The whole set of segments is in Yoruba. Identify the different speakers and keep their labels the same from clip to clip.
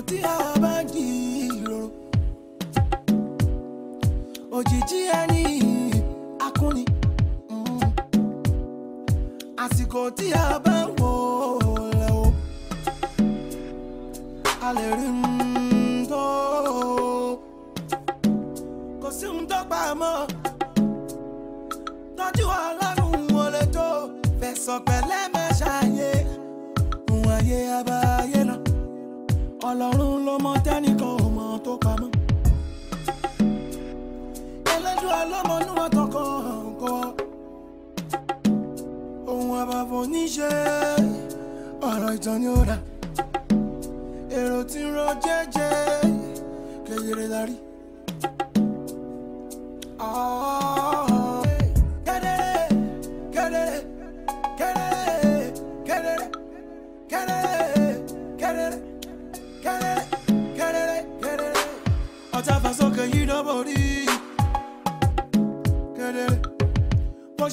Speaker 1: ọ̀rọ̀ tí a bá jíròrò òjijì ẹni akúni mm. àsìkò tí a bá wò lẹ̀ o a lè rí n tó kò sí n tó pa mọ́ tọ́jú ọlọ́run wọlé tó fẹ̀sọ̀ pẹ̀lẹ́ máa ṣàyè òun abá ọlọ́run ló mọ tẹ́nìkan ò mọ tó pamọ́. ẹlẹ́dùn ọlọ́mọnú ọ̀tọ̀kan kọ́ ohun àbàbò níṣe ọ̀rọ̀ ìtàn ni ó rà èrò tí ń jẹ́jẹ́ kedere la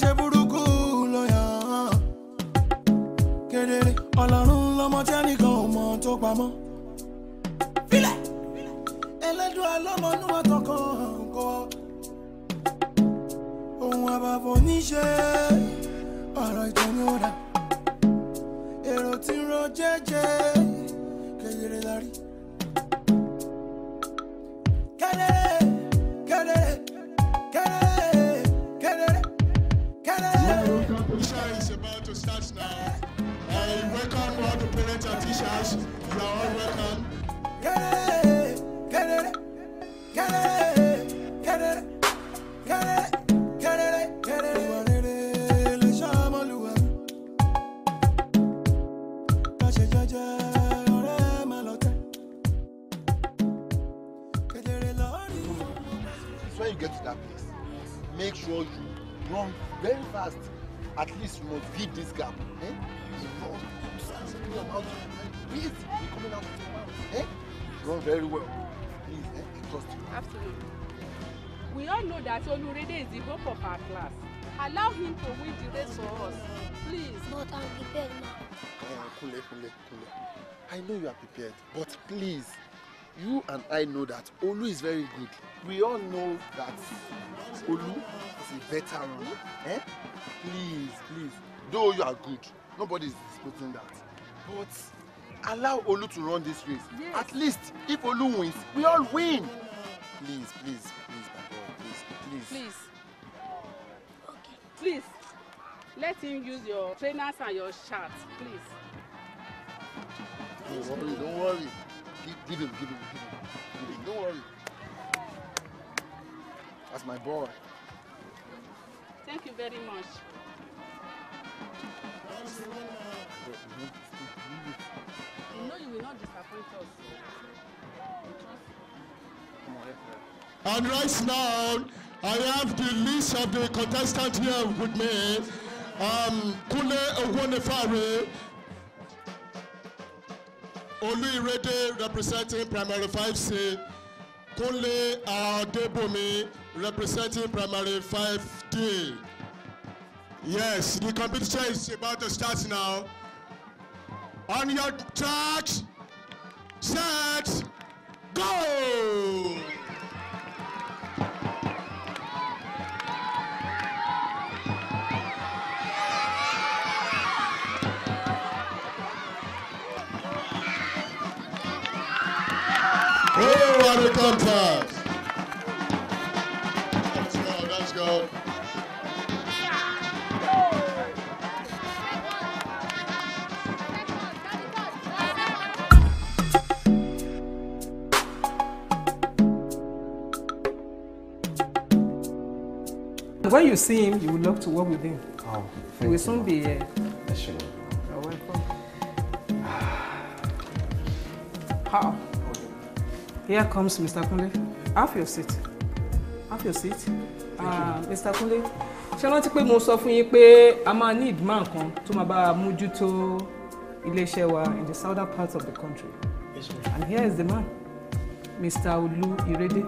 Speaker 1: ṣe burúkú ló yàn kedere ọlọ́run lọ́mọ tí ẹnìkan ò mọ tó pamọ́. filẹ̀ ẹlẹ́dùn alọ́mọ níwọ̀n tọkàn kọ́ ohun àbàbọ̀ níṣe ọ̀rọ̀ ìtọ́ni ó dà èrò tí ń ro jẹ́jẹ́ kedere la kedere kedere kedere. Isha is
Speaker 2: about to start now. I welcome all the parents and teachers. You are all welcome.
Speaker 3: run very fast at least you must beat this gap eh
Speaker 1: please be coming out of your mouth eh
Speaker 4: run very well please eh i trust you. absolutely
Speaker 1: we
Speaker 5: all know that Olurede is the hope of our class allow him to win the race for us
Speaker 6: please. but i'm prepared now. Uh, eh, Kule, Kule, Kule. I know you are prepared,
Speaker 3: but please you and I know that Olu is very good. We all know that Olu is a veteran. Eh? Please, please. Though you are good, nobody is disputing that.
Speaker 2: But
Speaker 3: allow Olu to run this race.
Speaker 5: Yes. At
Speaker 4: least if Olu wins, we all win. Please, please, please, my boy, please, please.
Speaker 5: Please. Okay. Please. Let him use your trainers and your shirt, please.
Speaker 3: Don't worry, don't worry
Speaker 4: give him, give him, give him. Give him. Don't worry. That's my boy.
Speaker 7: Thank you very much.
Speaker 2: You know
Speaker 5: you will not disappoint us.
Speaker 2: And right now,
Speaker 4: I have the list of the contestants here with me. Um, Kule Owonefare, Oluirede representing primary 5C, Kunle Adebumi representing primary 5D. Yes, the competition is about to start now. On your charge,
Speaker 2: set, go! sometimes.
Speaker 4: Let's go, let's go.
Speaker 7: When you see him, you would love to work with him. Oh, thank will soon be here. Sure. You're welcome. How? Here comes Mr. Kunle. Have your seat. Have your seat. Uh, ah, Mr. Kunle, ṣé rántí pé mo sọ fún yín pé a máa ní ìdìmọ̀ kan tó máa bá a mójútó iléeṣẹ́ wa in the southern part of the country. Yes, ma'am. And here is the man, Mr. Olu Irede.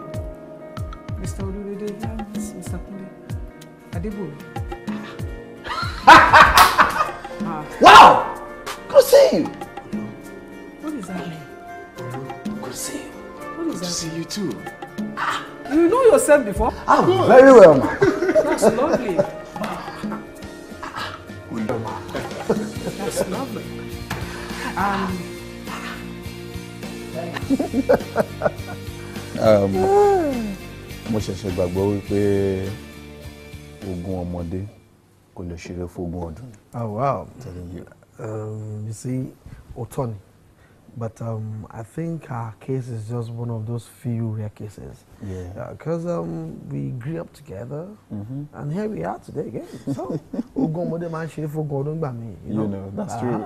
Speaker 7: Mr. Olu Irede, yes, Mr. Kunle. Adébòrò. ah. Wow! Good seeing you. What is that? to see you too. Ah, you know yourself before? Ah, very well, ma.
Speaker 2: That's lovely. That's lovely. Um, um,
Speaker 8: mo ṣẹ̀ṣẹ̀ gbàgbọ́ wípé ogún ọmọdé kò lè ṣeré fún ogún ọdún.
Speaker 2: oh
Speaker 9: wow um, you see òótọ́ ni But um, I think our case is just one of those few rare cases. Yeah. Because uh, um, we grew up together, mm -hmm. and here we are today again. So, you know, that's uh, true.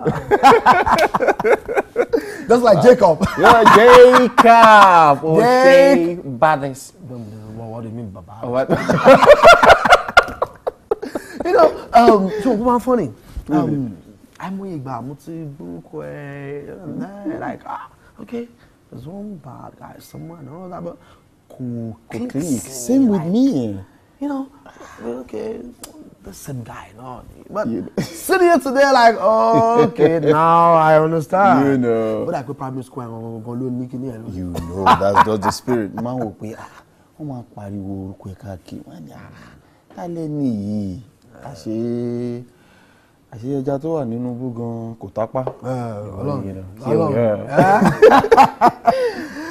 Speaker 9: that's like uh, Jacob. yeah, Jacob. Oh, Baddest. What do you mean, Baba? Oh, what? you know, um, so, funny. Um, àìmọye ìgbà mo ti burúkú ẹ eh, like ah okay there's one bad guy somewhere and all that but
Speaker 4: kò kò click same with me.
Speaker 9: You know, okay, the same guy, no. But sitting here today, like, oh, okay, now I understand. You know. But I go primary school, I'm going to look in here.
Speaker 8: You know, that's just the spirit. Máa wò pé, ah, wọ́n máa pariwo orúkọ ẹ̀ káàkiri. Wọ́n ní, ah, ta lẹ́ni yìí? A ṣe é àṣé tó wà nínú bú gan kò tápá. Ọlọ́run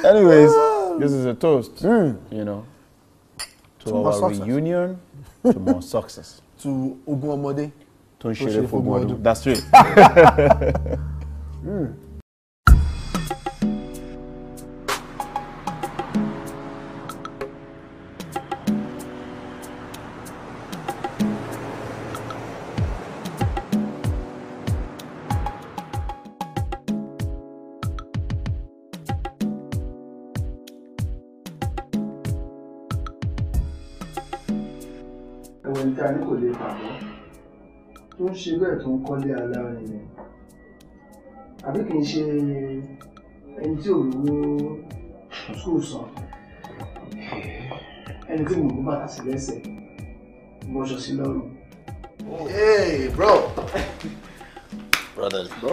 Speaker 1: Anyways, this is a
Speaker 8: toast mm. you know, to, to our reunion
Speaker 9: to more success. to ogun ọmọdé. tó ń ṣeré fún ogun
Speaker 8: that's
Speaker 6: right. mm. ẹni tá a ní kò lè pàbọ́ tó ń ṣe bẹ́ẹ̀ tó ń
Speaker 1: kọ́lé alárin yẹn àbí kì í ṣe ẹni tí òwúwo sùkúù sàn ẹni tí mò ń bàtà sí lẹ́sẹ̀ bọ́ṣọ sí lọ́rùn. Hey, bro.
Speaker 9: Brothers, bro.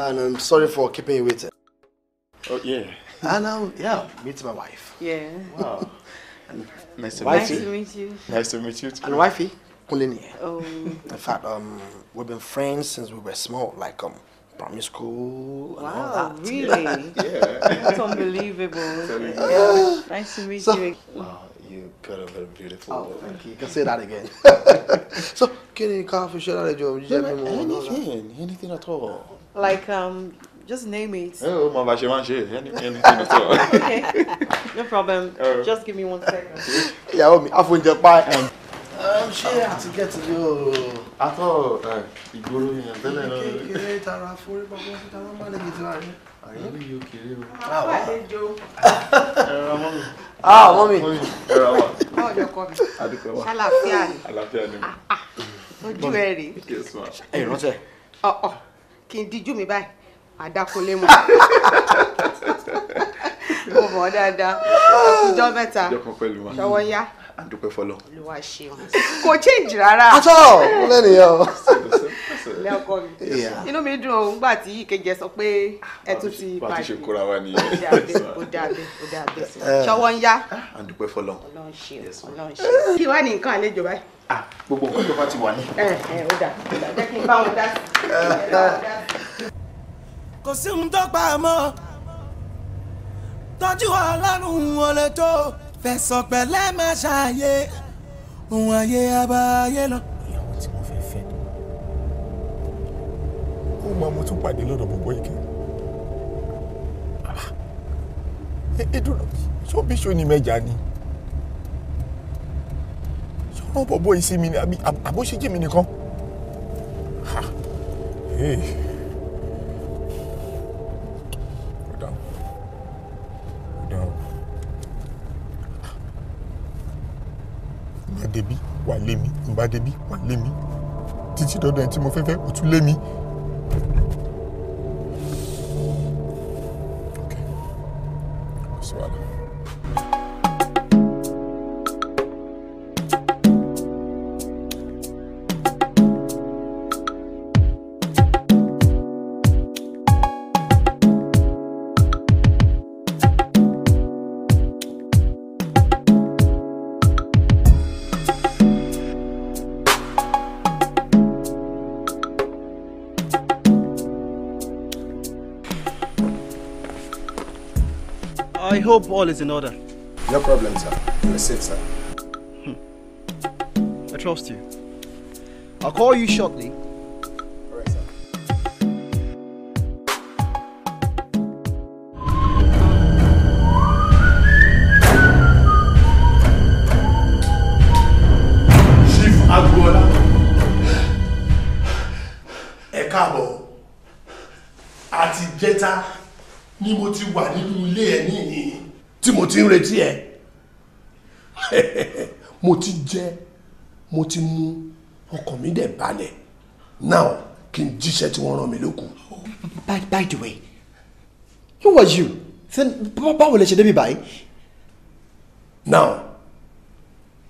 Speaker 9: And I'm sorry for keeping you waiting. Oh, yeah. And ah, now, yeah, meet my wife. Yeah. Wow. Nice to wifey. meet you. Nice to meet you. Nice to meet you too. And wifey, Kulinie. Oh. In fact, um, we've been friends since we were small, like um, primary school. wow, really? yeah. That's
Speaker 2: unbelievable. yeah. Nice to meet so, you. Wow,
Speaker 9: oh, you got a very beautiful. Oh, woman. thank you. You can say that again. so, can you coffee share that job?
Speaker 8: Anything, anything at all.
Speaker 1: Like um, Just name it. Oh,
Speaker 8: my gosh, man, any, anything at all. okay,
Speaker 5: no problem. Uh, Just give me one second.
Speaker 8: Yeah,
Speaker 10: me, I've been Japan. Um,
Speaker 9: I'm sure gẹ̀tìlì o. Atọ́
Speaker 4: ìgboro yẹn
Speaker 9: tẹ́lẹ̀ náà. Kékeré tara forí bọ́bọ́ sí tara má lè gidi láàrin. Àyè mi yóò kéré
Speaker 5: o. Ah, Àwọn àlejò.
Speaker 4: Ẹ̀rọ ọmọ mi. Ah, ọmọ mi. Ẹ̀rọ wa. Báwo
Speaker 5: ni ọkọ mi? Adúpẹ́ wa. Ṣàlàfíà ni.
Speaker 9: Àlàfíà ni mi. Ah, ah, ojú ẹ̀ rèé.
Speaker 4: Ẹ̀rọ tẹ̀.
Speaker 5: Ọ̀ọ̀ kì í díjú mi báyìí àdákúnlé mọ́ mo mọ̀ dáadáa ọjọ́ mẹ́ta ṣọwọ́ yá
Speaker 8: àdúpẹ́ fọlọ́. olúwa
Speaker 7: ṣeun kò change rárá. atọ́ lẹ́nìyàn o.
Speaker 5: lẹ́ọkọ mi inú mi dùn òun gbà tí ìkejì ẹ sọ pé ẹ tún ti pàdé. bá a ti ṣe
Speaker 8: kóra wa nìyẹn. ó dàbẹ
Speaker 5: ó ó dàbẹ eh. ṣọwọ́ ń yá.
Speaker 8: àdúpẹ́ fọlọ́. ọlọ́run ṣeun ọlọ́run
Speaker 5: ṣeun. kí wàá ní nǹkan àlejò báyìí.
Speaker 8: ah gbogbo nǹkan tó bá ti wà ní.
Speaker 5: ẹ eh, ẹ eh, ó dà ó kí n bá
Speaker 1: wọn dá
Speaker 8: sí
Speaker 1: i kò sí ohun tó pa mọ́ tọ́jú ọlọ́run wọn lè tó fẹ̀sọ̀ pẹ̀lẹ́ máa ṣàyè ohun ayé abáyé lọ. ìyàwó tí mo fẹ́ fẹ́
Speaker 10: ó máa mo tún pàdé lọ́dọ̀ bọ̀bọ̀ ike ìdúró ah. ṣó bí ṣó ni mẹ́jà ni ṣọ́rọ́ bọ̀bọ̀ ìsinmi ni àbí àbóṣejì mi nìkan. Ah. Hey. bá débi wà lé mi títí dọ́dọ̀ ẹni tí mo fẹ́ fẹ́ ó tún lé
Speaker 1: hope all is in order. No problem, sir. You're safe, sir. Hmm. I trust you. I'll call you shortly
Speaker 3: retí ẹ mo ti jẹ mo ti mu ọkàn mi dẹ̀ balẹ̀ now kí n jíṣẹ́ tí wọ́n rán mi lókun. by by the way who was you Then, báwo lè ṣe débi báyìí. now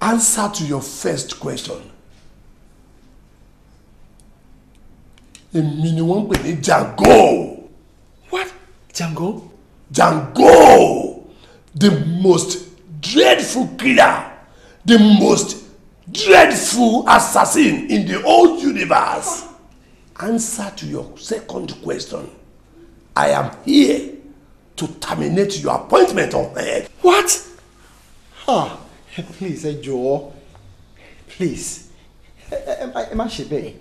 Speaker 3: answer to your first question. èmi ni wọ́n ń pè ní Jango. what Jango. Jango the most dreadful killer the most dreadful assassin in the whole universe answer to your second question i am here to terminate your appointment on earth.
Speaker 4: what ah please ẹ jọ̀ọ́ please ẹ má ṣe bẹ́ẹ̀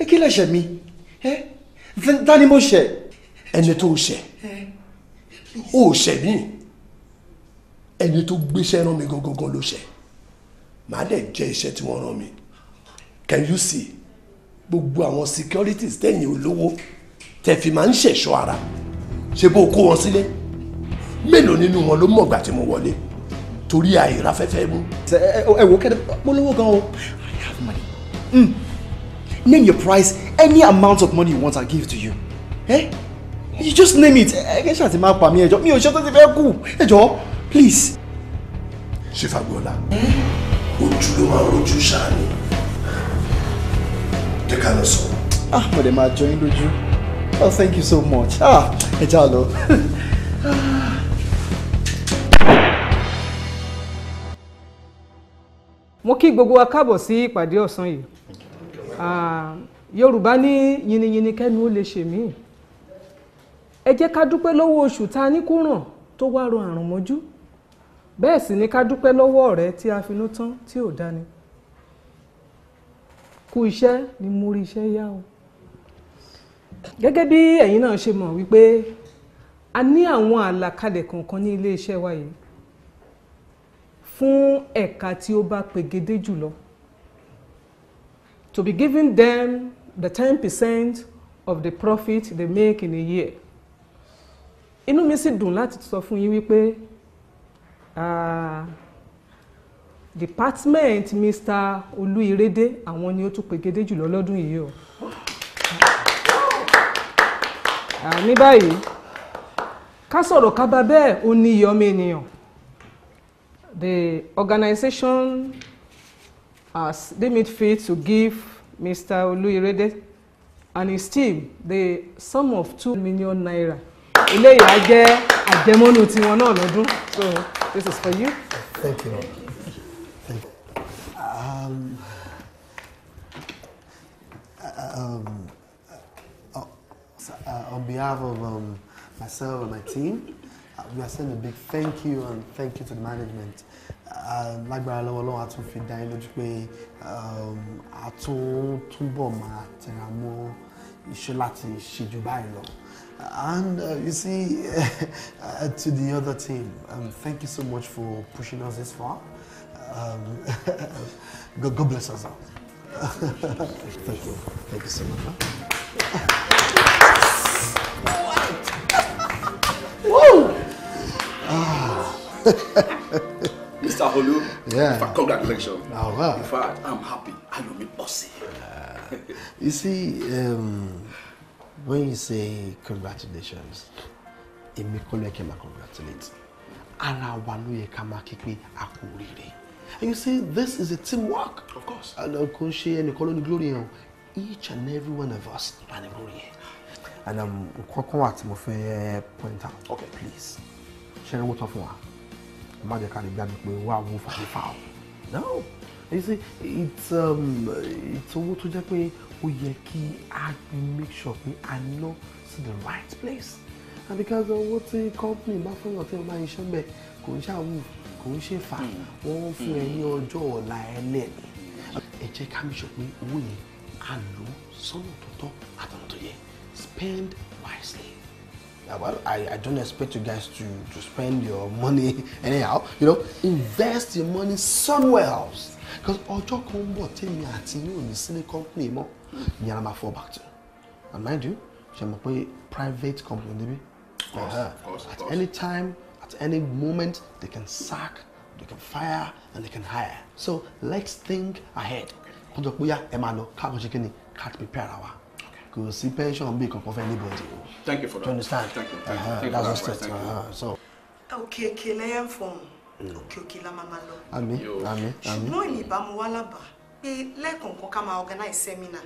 Speaker 4: ẹ kí lẹ̀ṣẹ̀
Speaker 2: mi
Speaker 4: ta ni mo ṣẹ̀. ẹni tó ṣẹ̀
Speaker 3: ó ṣẹ̀ mí ẹni tó gbéṣẹ́ rán mi gangan ló ṣe màá dẹ̀ jẹ́ iṣẹ́ tí wọ́n rán mi can you see gbogbo àwọn securities tẹ̀yìn olówó tẹ̀ fi máa ń ṣẹ̀ṣọ́ ara ṣe bó kó wọn sílé mélòó nínú wọn ló mọ̀gbà tí mo wọlé torí àìráfẹ́fẹ́ mú. ẹ wo kẹ́tẹ́ polówó gan o I have money mm. name your
Speaker 9: price any amount of money you want I give to you eh? you just name it ẹ kẹ́
Speaker 3: ṣàtìmá pa mí ẹjọ́ mi ò ṣe tó ti fẹ́ kú ẹjọ́ please. ṣé fagbọ́lá ojú ló shani. rojú ṣáàní jẹ́
Speaker 9: ah mo dẹ̀ máa jọ yín oh thank you so much ah ẹ já lọ.
Speaker 7: mo kí gbogbo wa káàbọ̀ sí ìpàdé ọ̀sán yìí ah, yorùbá ní yìnyínyìnyín kẹ́nu ó lè ṣe mí ẹ jẹ́ ká dúpẹ́ lọ́wọ́ oṣù ta ní kúràn tó wá ro àrùn mọ́jú bẹ́ẹ̀ sì ni ká dúpẹ́ lọ́wọ́ ọ̀rẹ́ tí a finú tán tí ò dání kú iṣẹ́ ni mo rí iṣẹ́ yá o gẹ́gẹ́ bí ẹ̀yin náà ṣe mọ̀ wípé a ní àwọn àlàkalẹ̀ kọ̀ọ̀kan ní ilé iṣẹ́ wa yìí fún ẹ̀ka tí ó bá pegedé jùlọ to be giving them the ten percent of the profit they make in a year inú mi sì dùn láti sọ fún yín wípé uh, department Mr. Oluirede, àwọn ni ó tún pegedé jùlọ lọ́dún yìí o ah, ní báyìí ká sọ̀rọ̀ ká bá bẹ́ẹ̀ ó ní iye ènìyàn the organization has deemed fit to give Mr. Oluirede and his team the sum of two million naira eléyìí á jẹ́ àjẹmọ́nú tiwọn náà lọ́dún so this is for you.
Speaker 2: thank you.
Speaker 11: Thank you.
Speaker 7: Um,
Speaker 9: um, uh, uh, on behalf of um, myself and my team, uh, we are sending a big thank you and thank you to the management. Uh, lágbára lọ́wọ́ lọ́wọ́ a tún fi dá yín lójú pé um, a tún túbọ̀ máa tẹ̀ra mọ́ iṣẹ́ láti ṣe jù báyìí lọ. And uh, you see, to the other team, um, thank you so much for pushing us this far. Um, God, God, bless us all. thank you. Thank you so much. Woo! Ah. Mr. Holu, yeah. for congratulations. Oh, wow. In fact, I'm happy. I know me bossy. you see, um, when you say congratulations èmi kọ́ ló yẹ kí n máa congratulate ara wa ló yẹ ká máa kí a kú oríire and you see this is a team work of course kò ń ṣe ẹnìkan ló ní glory yẹn each and every one of us la ní glory yẹn and um, nǹkan kan wà tí mo fẹ́ point out okay please ṣe é wọ́n tán fún wa má jẹ́ ká lè gbàgbé pé wà á fàáfàá o no you see it's um, it's owó tó jẹ́ pé ó yẹ kí a make sure pé a ná sí the right place and because owó tí company bá fún ọ̀tí ọba iṣẹ́ bẹ̀ kò ń ṣàwù kò ń ṣe fà mm. wọ́n fún ẹ ní mm. ọjọ́ ọ̀la ẹlẹ́ni ẹ jẹ́ ká make sure pé owó yẹn a lò
Speaker 2: sọ́nà tó tọ́ àtọ̀nà
Speaker 9: tó yẹ spend wisely. well, I, I don't expect you guys to, to spend your money anyhow. You know, invest your money somewhere else. Because ọjọ́ kan ń bọ̀ tèmi àti yóò ní sílé company more ìyẹn la máa fall back and mind you ṣe mọ̀ pé private company níbí
Speaker 2: uh-huh.
Speaker 9: at any time at any moment they can sack they can fire and they can hire so let's think ahead kó jọ pé yá ẹ máa lọ káàkó ṣe kí ni káàkó prepare ara wa kò sí pension bí kankan fún anybody. thank you for that you understand thank you uh-huh. thank you uh -huh. that's just it uh -huh. so.
Speaker 7: òkè ah, òkè lẹ́yìn fún òkè òkè la máa máa lọ.
Speaker 9: àmín àmín àmín. ṣùgbọ́n
Speaker 11: ìbámu wà lábàá pé lẹ́ẹ̀kọ̀ọ̀kan ká máa organize seminar.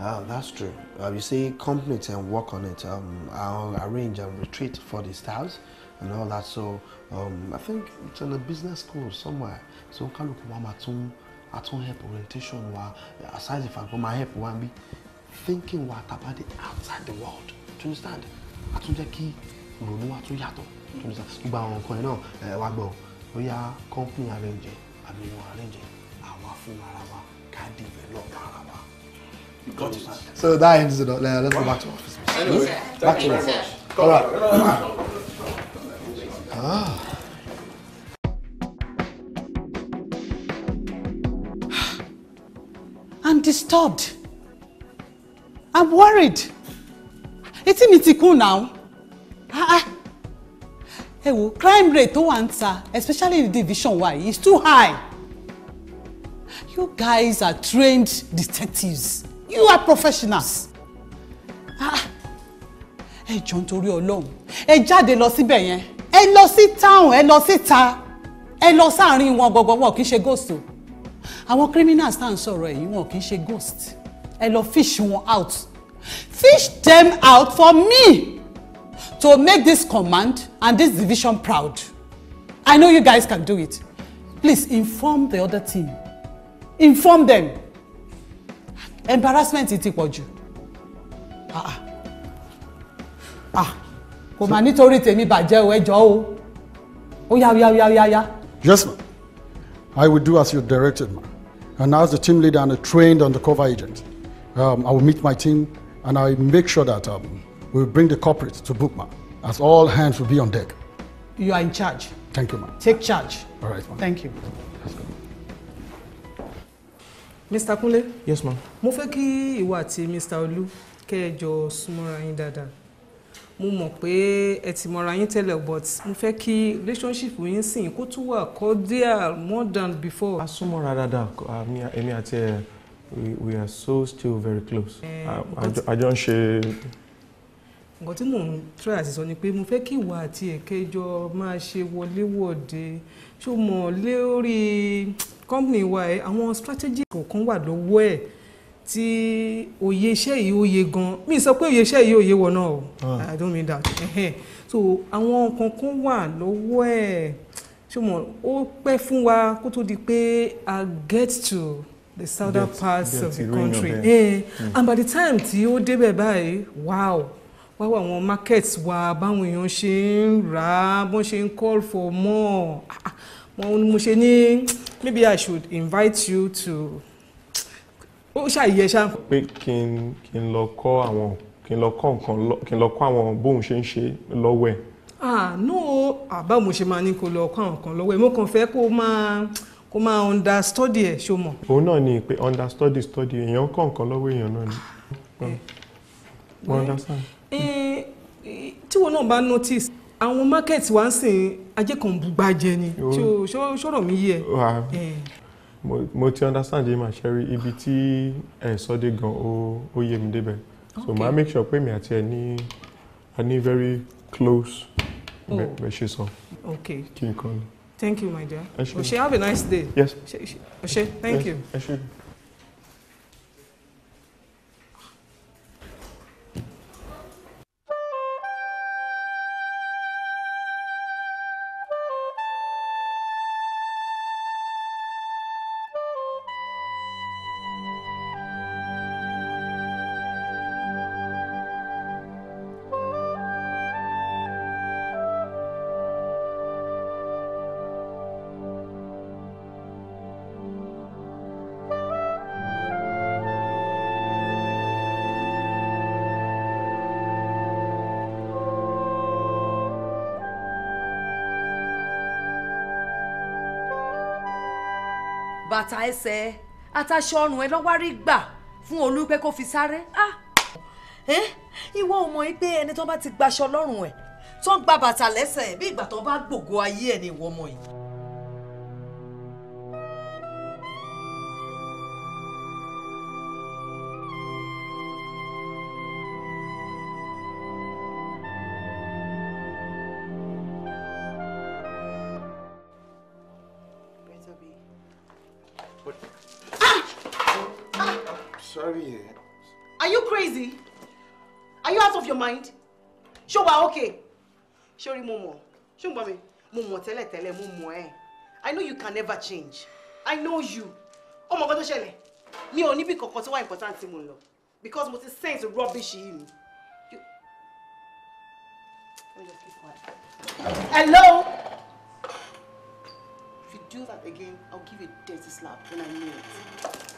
Speaker 9: Ah, that's true. Uh, you see, companies can work on it. Um, I'll arrange a retreat for the staffs and all that. So, um, I think it's in a business school somewhere. So, kálukú wa máa tún a tún help orientation wa aside the fact pé máa help wa be thinking what about the outside the world. Do you understand? I tún jẹ́ kí ìrònú know what to Do Do you understand? Gbogbo àwọn nǹkan yẹn náà ẹ wá We are company arrange àbí wọn arrange àwa fún ara ká develop ara wa. So that ends it. Let's go back to office. Anyway, back to office.
Speaker 3: All right.
Speaker 11: ah. I'm disturbed. I'm worried. Etí mi it's cool now. Ah, ah. Ẹ wo crime rate tó answer, especially in division Y, is too high. You guys are trained detectives. You are professionals. Ah, ẹ jọ nítorí Ọlọ́run. Ẹ jáde lọ síbẹ̀ yẹn. Ẹ lọ sí town, ẹ lọ síta. Ẹ lọ sáàárín wọn gbọ̀ngbọ̀n wọn kì í ṣe ghost o. Àwọn criminals tá à ń sọ̀rọ̀ ẹ̀yìn wọn kì í ṣe ghost. Ẹ lọ fish wọn out. Fish them out for me to make this command and this division proud. I know you guys can do it. Please inform the other team inform them embarrassment ti pọ̀ jù ah ah, ah kò mà nítorí tèmi
Speaker 4: bàjẹ́ o ẹjọ́ o ó yá yá yá yá yá. yes ma i will do as you directed ma and as the team leader and a trained undercover agent um, i will meet my team and i will make sure that um, we will bring the corporate to book ma as all hands will be on deck.
Speaker 11: you are in charge. thank you ma. take charge. all right ma. thank you
Speaker 7: mr kunle yes ma'am. mo fẹ́ kí ìwọ àti mr olú kẹ́ ẹ jọ súnmọ́ra yín dáadáa mo mọ̀ pé ẹ ti mọ̀ra yín tẹ́lẹ̀ but mo fẹ́ kí relationship yín sìn kó tún wà cordial more than before. a súnmọ́ra dáadáa èmi àti ẹ we are so still very close àjọ eh, ń ṣe nǹkan tí mò ń try àti sọ ni pé mo fẹ́ kí ìwà àti ẹ̀kẹ́jọ máa ṣe wọléwọ̀de ṣó mọ̀ lórí company wa ẹ àwọn strategy kọ̀ọ̀kan wà lọ́wọ́ ẹ̀ tí òye iṣẹ́ yìí ó yẹ gan mi sọ pé òye iṣẹ́ yìí ó yẹ wọ náà o ah. I don't mean that so àwọn kankan wà lọ́wọ́ ẹ̀ ṣùgbọ́n ó pẹ́ fún wa kó tó di pé I get to the southern get, parts get of the country eh, mm. and by the time tí ó débẹ̀ báyìí wow wáwo àwọn markets wa báwọn èèyàn ṣe ń rà á bọ́n ṣe ń call for more. ah, ah mo ṣe ní maybe i should invite you to ó ṣàyẹ ṣá.
Speaker 10: pé kí n kí n lọ kọ́ àwọn kí n lọ kọ́ nǹkan kí n lọ kọ́ àwọn bóun ṣe ń ṣe lọ́wọ́ ẹ̀.
Speaker 7: ah no àbá mo ṣe máa ní kó lọ kọ́ àwọn kan lọ́wọ́ ẹ̀ mo kàn fẹ́ kó máa kó máa understudy ẹ̀ ṣó mọ̀.
Speaker 10: òun náà ni pé understudy study èèyàn kọ́ nǹkan lọ́wọ́ èèyàn náà ni. Eh, eh, eh,
Speaker 7: wọ́n understand. tí wọn náà bá notice àwọn market wa ń sìn ajé kan bùgbà jẹ ni tí o ṣọ̀rọ̀ mi yé
Speaker 10: mo ti understand yìí máa ṣẹ́rí ibi tí ẹ̀ sọ dé gan ó yé mi débẹ̀ so ma make sure pé mi àti ẹ ní a ní very close oh. bẹ́ẹ̀ ṣe sọ kí n kọ́ ni. thank you my dear o have a nice day. yes
Speaker 7: o thank yes. you.
Speaker 5: àtà ẹsẹ̀ ẹ àtàṣọ ọrùn ẹ lọ́wárí gbà fún olú pé kó fi sáré. Ah! ìwọ ò mọ̀ yín pé ẹni tó bá ti gbaṣọ lọ́rùn ẹ̀ tó ń gba bàtà lẹ́sẹ̀ bí ìgbà tó bá gbògo ayé ẹ̀ ni ìwọ ọmọ yìí.
Speaker 11: mind ṣó wà okay ṣórí mo mọ̀ ṣó ń gbọ́ mi mo mọ̀ tẹ́lẹ̀tẹ́lẹ̀ mo mọ̀ ẹ́ i know you can never change i know you ọmọ kan tó ṣẹlẹ̀ mi ò níbi kankan tó wà important tí mo lọ because mo ti sense rubbish yìí ni. hello. if you do that again i will give you a dirty slap when i mean it.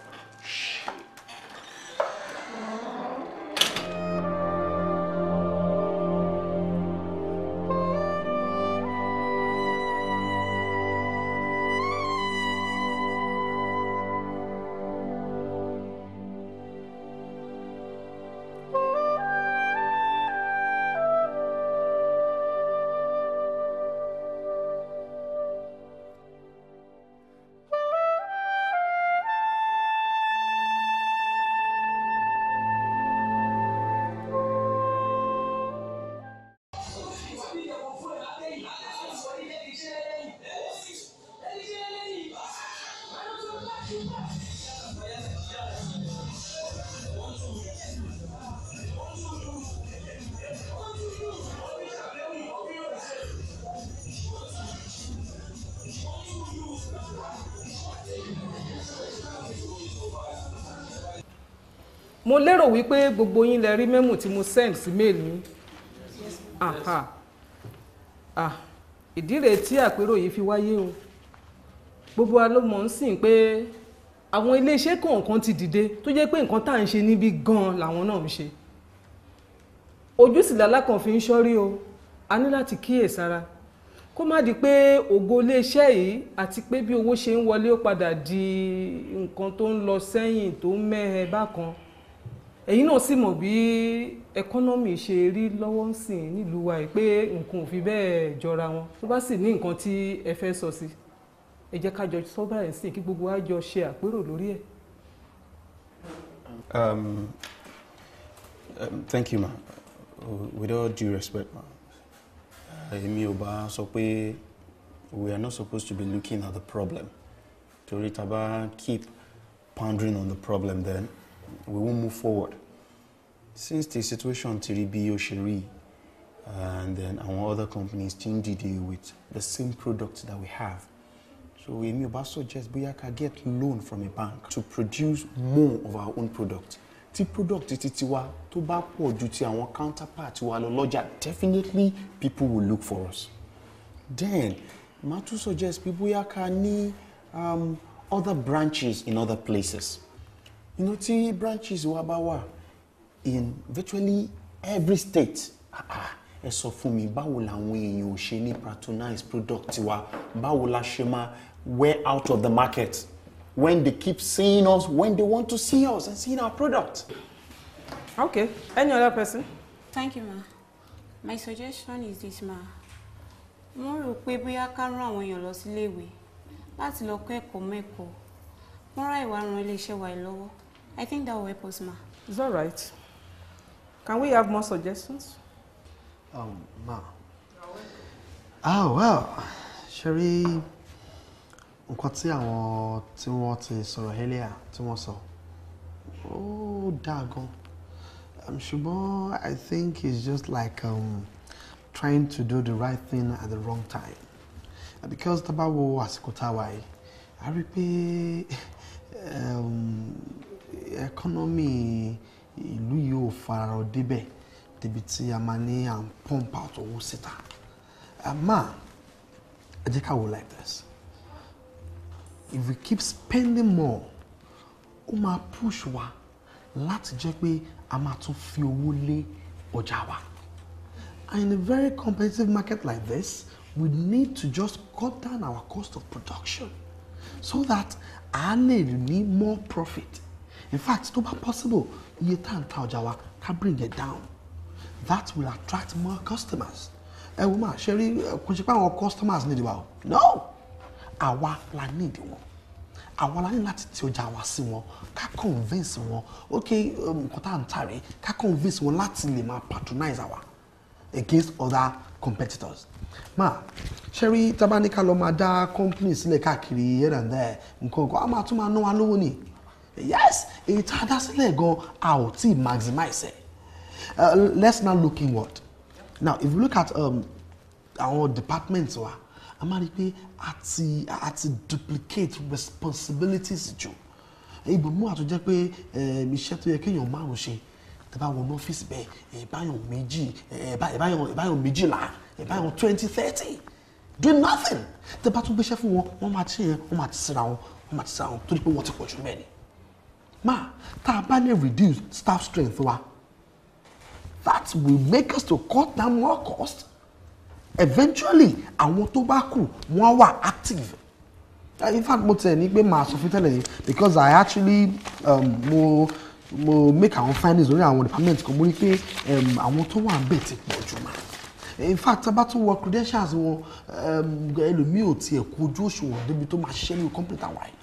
Speaker 7: mo lérò wípé gbogbo yín lè rí mẹ́mù tí mo send sí mail mi aha ah ìdí rèé tí àpérò yìí fi wáyé o gbogbo wa ló mọ̀ ń sìn pé àwọn iléeṣẹ́ kọ̀ọ̀kan ti dìde tó jẹ́ pé nǹkan tá à ń ṣe níbí gan-an làwọn náà ń ṣe ojú sì lálákàn fi ń ṣọ́rí o a ní láti kíyèsára kó má di pé ògo iléeṣẹ́ yìí àti pé bí owó ṣe ń wọlé ó padà di nǹkan tó ń lọ sẹ́yìn tó ń mẹ́hẹ bákan ẹ̀yin náà sì mọ̀ bí ẹkọ́nọ́mì ṣe rí lọ́wọ́ ń sìn nílùú wa pé nǹkan ò fi bẹ́ẹ̀ jọra wọn tó bá sì ní nǹkan tí ẹ fẹ́ sọ sí ẹ jẹ́ ká jọ sọ báyìí sìn kí gbogbo wa jọ ṣe àpérò lórí ẹ̀.
Speaker 8: Um, um, thank you ma with all due respect ma èmi ò bá sọ pé we are not supposed to be looking at the problem torí tá a bá keep pondering on the problem then we won't move forward since the situation ti rí bí ó and then our other companies ti to deal with the same products that we have so we may also suggest we can get loan from a bank to produce more of our own product The product ti tiwa to bá pọ̀ duty ti àwọn counterpart wa lọ lodger. definitely people will look for us then màá tún suggest pé bóyá ká um, other branches in other places you know tí branches wa bá wà in virtually every state ẹ sọ fún mi báwo làwọn èèyàn ò ṣe ní patronize product wa báwo la ṣe máa wear out of the market when they keep seeing us when they want to see us and see our product.
Speaker 7: okay any other person.
Speaker 5: thank you ma my suggestion is this ma mo rò pé bóyá ká rán àwọn èèyàn lọ síléèwé láti lọ kọ́ ẹ̀kọ́ mẹ́kọ̀ọ́
Speaker 7: wọ́n rá ìwà ran iléeṣẹ́ wa lọ́wọ́ I think that will help us, ma. It's all right. Can we have more suggestions? Um,
Speaker 9: ma. Oh, well. Sherry, nǹkan tí àwọn tí wọ́n ti sọ̀rọ̀ earlier tí Oh, Dago, I'm sure I think he's just like um, trying to do the right thing at the wrong time. Because tá bá wo àsìkò tá a wà yìí, ẹkọ́nọ́mì ìlú yìí ò fara débẹ̀ débi tí a máa ní à ń pump out owó síta àmọ́ ẹ jẹ́ ká wò like this if we keep spending more ó máa push wa láti jẹ́ pé a máa tún fi owó lé ọjà wa and in a very competitive market like this we need to just cut down our cost of production so that a lè ní more profit in fact tó bá possible iye tá à ń ta bring it down that will attract more customers Eh, woman, Sherry, ṣe you kò ṣe customers need wa o no àwa la need wọn àwa la ní láti ti ọjà wa sí convince wọn Okay, nǹkan tá à ń tà convince wọn láti lè máa patronize àwa against other competitors ma Sherry, tábánikà lọ́ọ́ máa dá company sílẹ̀ káàkiri here and there nǹkan kan a máa tún máa ná wa yes it tá a dá sílẹ̀ gan a maximize ẹ̀ uh, let's now look in what. now if you look at um, our departments wa a the duplicate i pé a ti a to duplicate responsibilities jù ibòmú àtúnjẹ́ pé um, iṣẹ́ tó yẹ kéèyàn the bar tẹ bá wọnú ọ́fíìsì bẹ́ẹ̀ ìbáyọ̀ méjì ìbáyọ̀ méjìlá ìbáyọ̀ twenty thirty do nothing tẹ bá tún gbéṣẹ́ fún wọn wọ́n máa ti yẹn wọ́n máa ti síra wọn wọ́n máa ti síra wọn torí pé wọ́n ti pọ̀ jù mẹ́rin ma tá a bá lè reduce staff strength wa that will make us to cut down more cost eventually àwọn tó bá kù wọ́n wà active uh, in fact mo tẹ̀ ní pé màá sọ fún tẹ́lẹ̀ yìí because i actually um, mo mo make àwọn findings lórí àwọn department kan mo rí pé um, àwọn tó wà bẹ́ẹ̀ ti pọ̀ jù mà in fact tá a bá tún wọ credentials wọn um, ẹlòmíì ò tiẹ̀ kojú òṣùwọ̀n débi tó máa ṣiṣẹ́ ní company tàwa yìí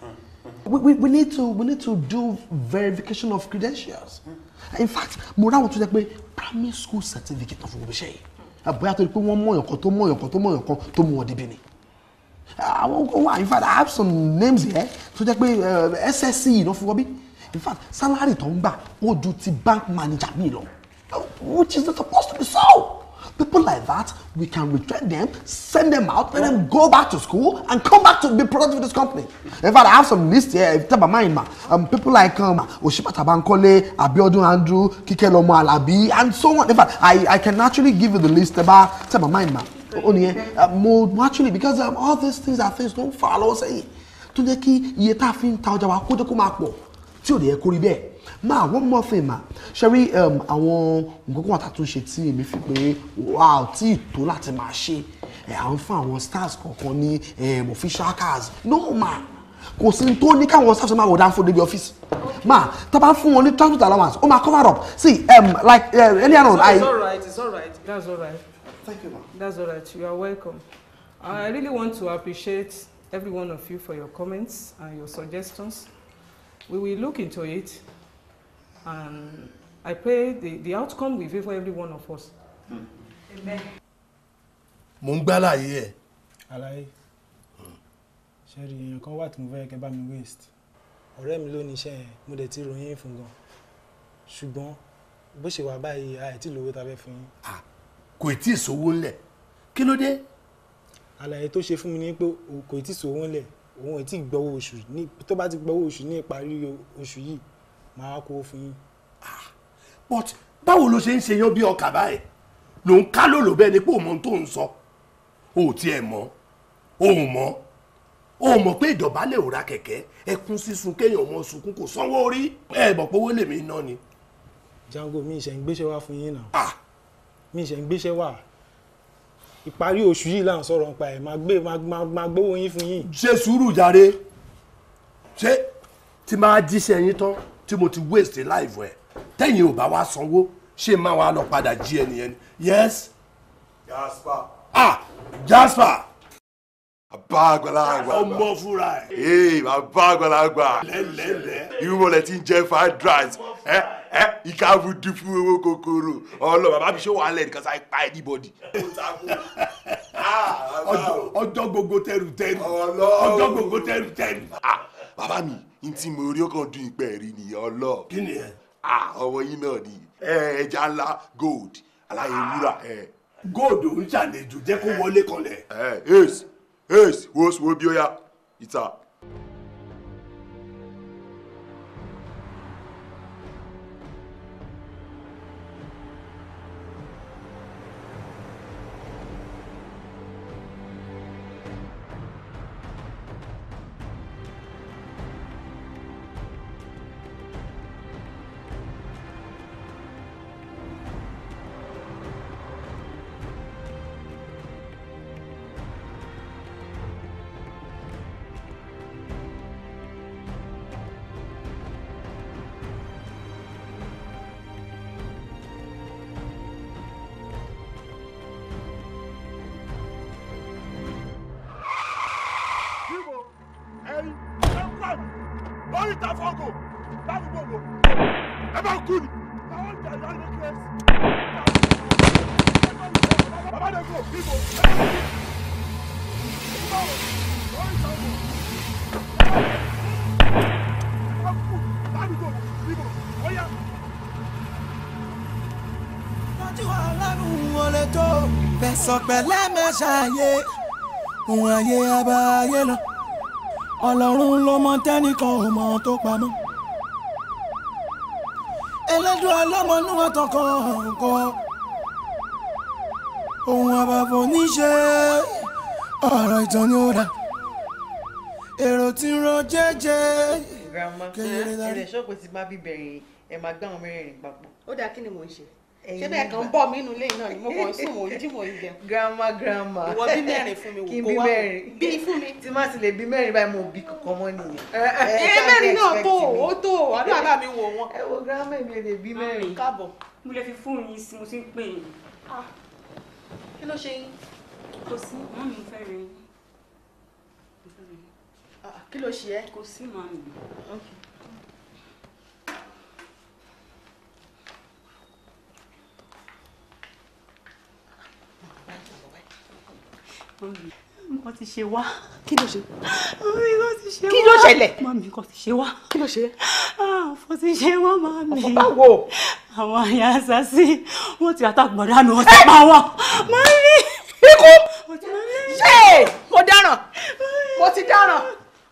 Speaker 9: we, we, we need to we need to do verification of credentials hmm. in fact mo ráwọn tó jẹ pé primary school certificate náà fún gbogbo iṣẹ́ yìí àbúyá ah, tó di pé wọ́n mọ̀yàn kan tó mọ̀yàn kan tó mọ̀yàn kan tó mú wọn débi ni àwọn kan wà in fact I have some names here tó jẹ pé eh, SSC náà fún wọn bí in fact salary tó ń gbà ó ju ti bank manager mi lọ which is not supposed to be so. People like that, we can retrain them, send them out, and then go back to school and come back to be productive in this company. In fact, I have some list here, if you my mind, ma, um, people like um, Oshipa Tabankole, Abiodun Andrew, Kike Lomo Alabi, and so on. In fact, I, I can actually give you the list about, tell my mind, ma, only oh, oh, uh, actually because um, all these things are things don't follow, say, to the key, iye tá a fi ń ta ọjà wa kó jẹ́ kó máa pọ̀ tí ma one more thing ma ṣe rí um, àwọn nǹkan kan àtàtúnṣe tí èmi fi pé wà tí ìtò láti máa ṣe à ń fún àwọn stars kọ̀ọ̀kan ní um, official cars no ma kò sí tó ní káwọn staff ṣe máa wò dáńfò débi ọ́fíìsì ma tá a bá fún wọn ní transport allowance ó máa cover up see um, like earlier um, on I. it's alright
Speaker 7: it's alright that's alright thank you ma. that's alright you are welcome I really want to appreciate every one of you for your comments and your suggestions we will look into it And I pray the, the
Speaker 6: outcome will be for every one of us.
Speaker 7: Amen.
Speaker 3: Mo ń gbá láàyè ẹ̀.
Speaker 6: Àlàyé. Ṣẹ́rí èèyàn kan wà tí mo fẹ́ kẹ́ bá mi waste. Ọ̀rẹ́ mi ló ní iṣẹ́ yẹn, mo dẹ̀ ti ròyìn fún gan. Ṣùgbọ́n bó ṣe wà báyìí àìtí lówó ta fẹ́ fún yín. Kò tí ì sówó ńlẹ̀. Kí ló dé? Àlàyé tó ṣe fún mi ni pé kò tí ì sówó ńlẹ̀. Òun ò tí ì gbọ́wọ́ oṣù tó bá ti gbọ́wọ́ oṣù ní ìparí oṣù yìí máa kó fún yín. Ah,
Speaker 3: but báwo ló ṣe ń ṣe yan bí ọkà báyìí ló ń ká lòlò bẹ́ẹ̀ ni pé òun tó ń sọ o ò tiẹ̀ mọ̀ o ò mọ̀ o ò mọ̀ pé ìdọ̀bálẹ̀ ò ra kẹ̀kẹ́
Speaker 6: ẹkún sísun kéèyàn ọmọ sunkún kò sanwó orí ẹ mọ̀ pé owó lèmi ná ni. Django mi ìṣẹ̀ ń gbéṣẹ́ wá fún yín náà ah! mi ìṣẹ̀ ń gbéṣẹ́ wá ìparí oṣù yìí là ń sọ̀rọ̀ nípa ẹ̀ máa gbé máa gbówó yín fún yín. ṣe sùúrù jàre
Speaker 3: ṣé tí máa jíṣẹ́ yín tán tí mo ti waste life ẹ̀ tẹ́yìn ò bá wá sanwó ṣé máa wá lọ padà jí ẹnìyẹn ni yes. Jasper. ah Jasper. bàbá àgbàlagbà. ọmọ fúnra ẹ. ee bàbá àgbàlagbà. lẹ́lẹ́lẹ́. irú mọ̀lẹ́ tí ń jẹ́ fried rice ẹ ẹ ìkàwé dùfú owó kòkòrò ọlọ bàbá mi ṣe wàhálẹ̀ nìkan sáà pa ẹ̀ níbọ̀dì. ọjọ́ gbogbo tẹrù tẹrù ọjọ́ gbogbo tẹrù tẹrù. Ah, bàbá mi n tí mo rí ó kàn dún rí nìyẹn ọlọ́. kí ni ẹ. ah ọmọ yìí náà ni ẹja ńlá gold aláyé wúrà. gold ò ń ṣàlejò jẹ́ kó wọlé kanlẹ̀. ace ace wo wo bí ó yá ìta. peter fogo ládùúgbò wo ẹ bá kú ni. àwọn ìjà ìyá ni kírẹ́sì. ẹ bá kú. báwo lórí ìjà wo ẹ
Speaker 2: bá kú ládùúgbò bíbò ó yá.
Speaker 1: wọn lè tó bẹ̀sọ̀ pẹ̀lẹ́ mẹ́ṣáyé wọn ayé abáyé lọ ọlọ́run ló mọ tẹ́nìkan ò mọ tó pamọ́ ẹlẹ́dùn alámọ̀nú àtọkàn kọ ohun àbàfọ̀ níṣe ọ̀rọ̀ ìtàn ni ó dà èrò tí rọ jẹ́jẹ́. grandma ẹ ẹ lè
Speaker 5: ṣọ́ọ̀pù tí má bí bẹ̀rẹ̀ ẹ máa gbá àwọn mẹ́rẹ̀ẹ̀rin papọ̀. ó dáa kí ni mò ń ṣe ṣé bẹ́ẹ̀ kan bọ̀ mí inú ilé náà ni mo kàn sùn mò ń jí mò ń jẹ. grandma grandma ìwọ bí mẹ́rin fún mi wò kó wá
Speaker 11: bí fún mi. tí má sì lè bí mẹ́rin báyìí mo bí kankan mọ́ nìyẹn. ẹ mẹ́rin náà tó o tó o àdúrà bá mi
Speaker 7: wò wọ́n. ẹ wo grandma mi lè bí mẹ́rin. káàbọ̀ mo lè fi fún yín sí mo ti ń pè yín.
Speaker 5: Ah, kí
Speaker 7: ló ṣe yín. kò sí
Speaker 5: mọ́ mi fẹ́ rẹ̀ yín. Ah, kí ló ṣe ẹ́. kò sí mọ́ mi.
Speaker 7: nǹkan
Speaker 11: ti ṣe wá. kí ló ṣe.
Speaker 2: mami nǹkan ti ṣe wá. kí ló ṣẹlẹ̀.
Speaker 11: mami nǹkan ti ṣe wá. kí ló ṣe. ọ̀fọ̀ ah, ti ṣe wá mami. ọ̀fọ̀ báwo. àwọn àyà sasi wọn ti àtàgbọ̀n dànù wọn ti pa wọn. mami. ikú. ṣe mo dáràn mo ti dáràn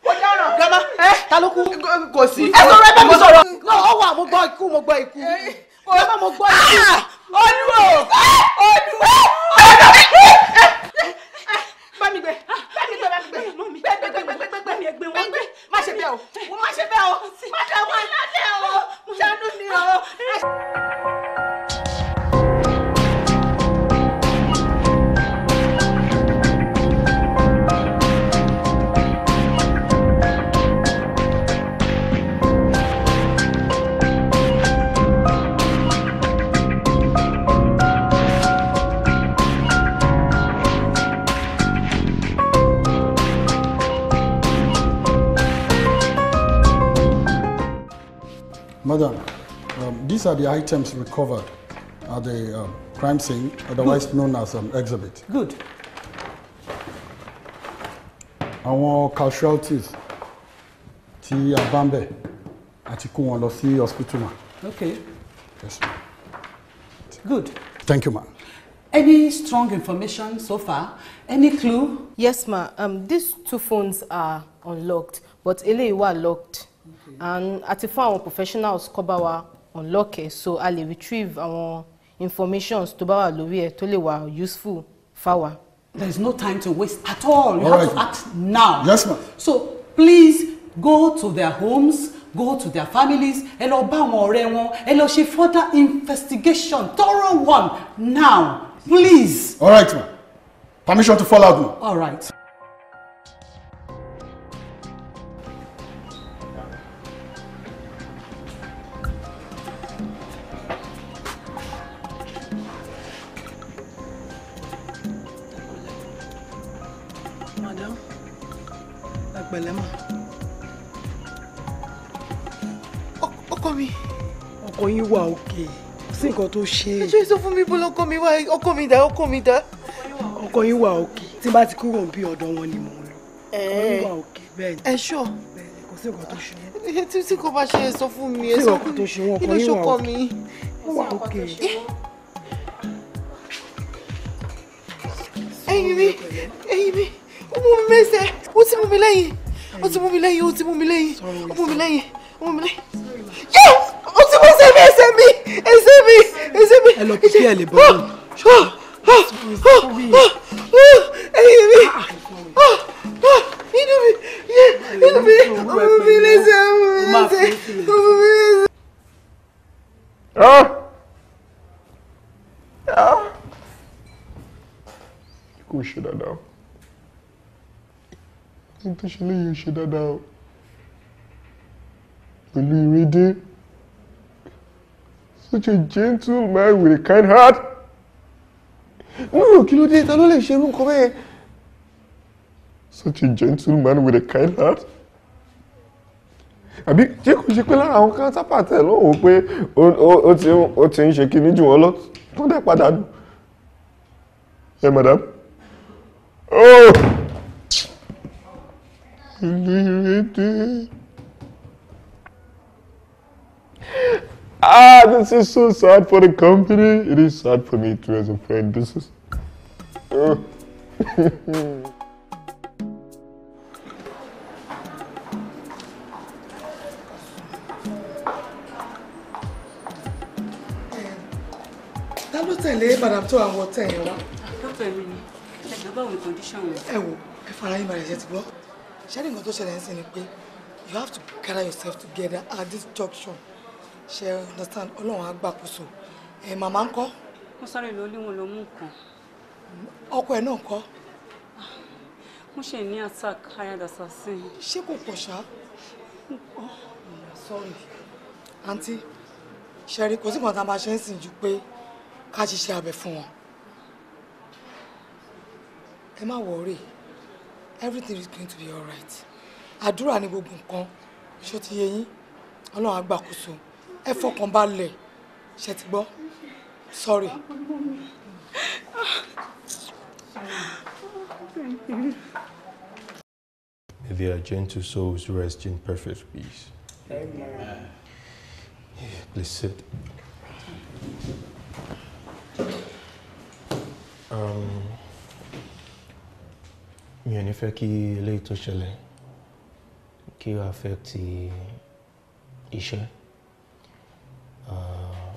Speaker 11: mo dáràn. gama ẹ ta ló kú. kò sí. ẹ sọ̀rọ̀ ẹ bá mi sọ̀rọ̀. ọ wà mo gbọ́ ikú mo gbọ́ ikú. gama mo gbọ́ ikú. Ah! olúwo olúwo.
Speaker 5: Ah, bá mi gbé bá mi gbé bá mi gbé gbé gbé gbé gbé gbé gbé gbé gbé má ṣe bẹ́ẹ̀ o
Speaker 1: wọ́n má ṣe bẹ́ẹ̀ o má ṣe wọ́n lálẹ́ o ṣàánú mi o. Ah.
Speaker 4: Madam, um, these are the items recovered at the um, crime scene, otherwise Good. known as an exhibit. Good. want casualties tí a bá àti wọn lọ sí hospital ma. Okay. Yes, ma'am. Good. Thank you, ma'am.
Speaker 11: Any strong information so far?
Speaker 5: Any clue? Yes, ma'am. Um, these two phones are unlocked, but eléyìí locked. and àti fún àwọn professionals kọ́ bá wa unlock so a lè retrieve àwọn informations tó bá wà lórí ẹ̀ tó lè wà useful fáwa. there is no time
Speaker 11: to waste at all
Speaker 5: you all
Speaker 4: have right. to
Speaker 11: act now. yes ma'am. so please go to their homes go to their families ẹ lọ bá àwọn ọ̀rẹ́ wọn ẹ lọ ṣe further investigation
Speaker 4: thorough one now please. all right ma permission to follow out all right.
Speaker 11: sí nǹkan tó ṣe é. ẹjọ́ sọ fún mi bó lọ́kọ mi wá ọkọ mi dá ọkọ mi dá. ọkọ yín wà òkè tí bá ti kúrò bí ọ̀dọ̀ wọn ni mò ń lọ.
Speaker 1: ẹ ṣọ. bẹ́ẹ̀ kò
Speaker 11: sí nǹkan bá ṣe sọ fún mi ẹ sọ fún mi kí ló ṣọkọ mi. ẹyin mi
Speaker 1: ẹyin mi ó mú mi mẹsẹ̀ ó ti mú mi lẹ́yìn ó ti mú mi lẹ́yìn ó ti mú mi lẹ́yìn ó mú mi lẹ́yìn wọn mi lẹ yẹ o ti mú ẹsẹ̀ mi ẹsẹ̀ mi ẹsẹ̀ mi ẹsẹ̀ mi. ẹ lọ kí ẹ lè bọ́ ẹ̀yìn mi inú mi inú mi ọmọ mi lẹ́sẹ̀
Speaker 2: ọmọ mi lẹ́sẹ̀ ọmọ mi lẹ́sẹ̀. Ah.
Speaker 10: kò ṣe dáadáa o ní tó ṣe léyìn ṣe dáadáa o pẹ̀lú ìrédé such a gentle man with a kind heart nínú kí ló dé ta ló lè ṣe irú nǹkan bẹ́ẹ̀ such a gentle man with a kind heart àbí tí kò ṣe pé lára àwọn kan sápàtẹ lóhùn pé ó ti ń ṣe kíní jù wọn lọ tó dẹ̀ padà nù ẹ madam oh ìlú ìrédé ah, this is so sad for the company. It is sad for me too as a friend. This is.
Speaker 2: Uh.
Speaker 11: ta ló madam tó àwọn ọtẹ yẹn wá.
Speaker 7: dókítà mi ni ẹgbẹ́ condition rẹ.
Speaker 11: ẹ wo ẹ fara yín balẹ̀ ṣe ti gbọ́ ṣẹ́ni nǹkan tó you have to gather yourself together at this junction ṣe understand ọlọ́run á gbàkóso ẹ màmá ń kọ́.
Speaker 7: mo sáré lọ lé wọn lọ mú nǹkan. ọkọ ẹ náà kọ́. mo ṣe ní attack hired assassin. ṣé kò pọ̀ ṣá.
Speaker 11: sorry àǹtí ṣẹ̀rí kò sí kan tá a máa ṣe ń sìn ju pé ká ṣiṣẹ́ abẹ fún wọn. ẹ má worry everything is going to be alright àdúrà ni gbogbo nǹkan ṣó ti yẹ yín ọlọ́run á gbàkóso ẹ fọkàn balẹ̀ ṣe ti gbọ́ sorry.
Speaker 8: May their gentle souls rest in perfect peace.
Speaker 2: Amen.
Speaker 8: Yeah, please sit. Um, mi ò ní fẹ́ kí eléyìí tó ṣẹlẹ̀ kí ó affect iṣẹ́. Ah,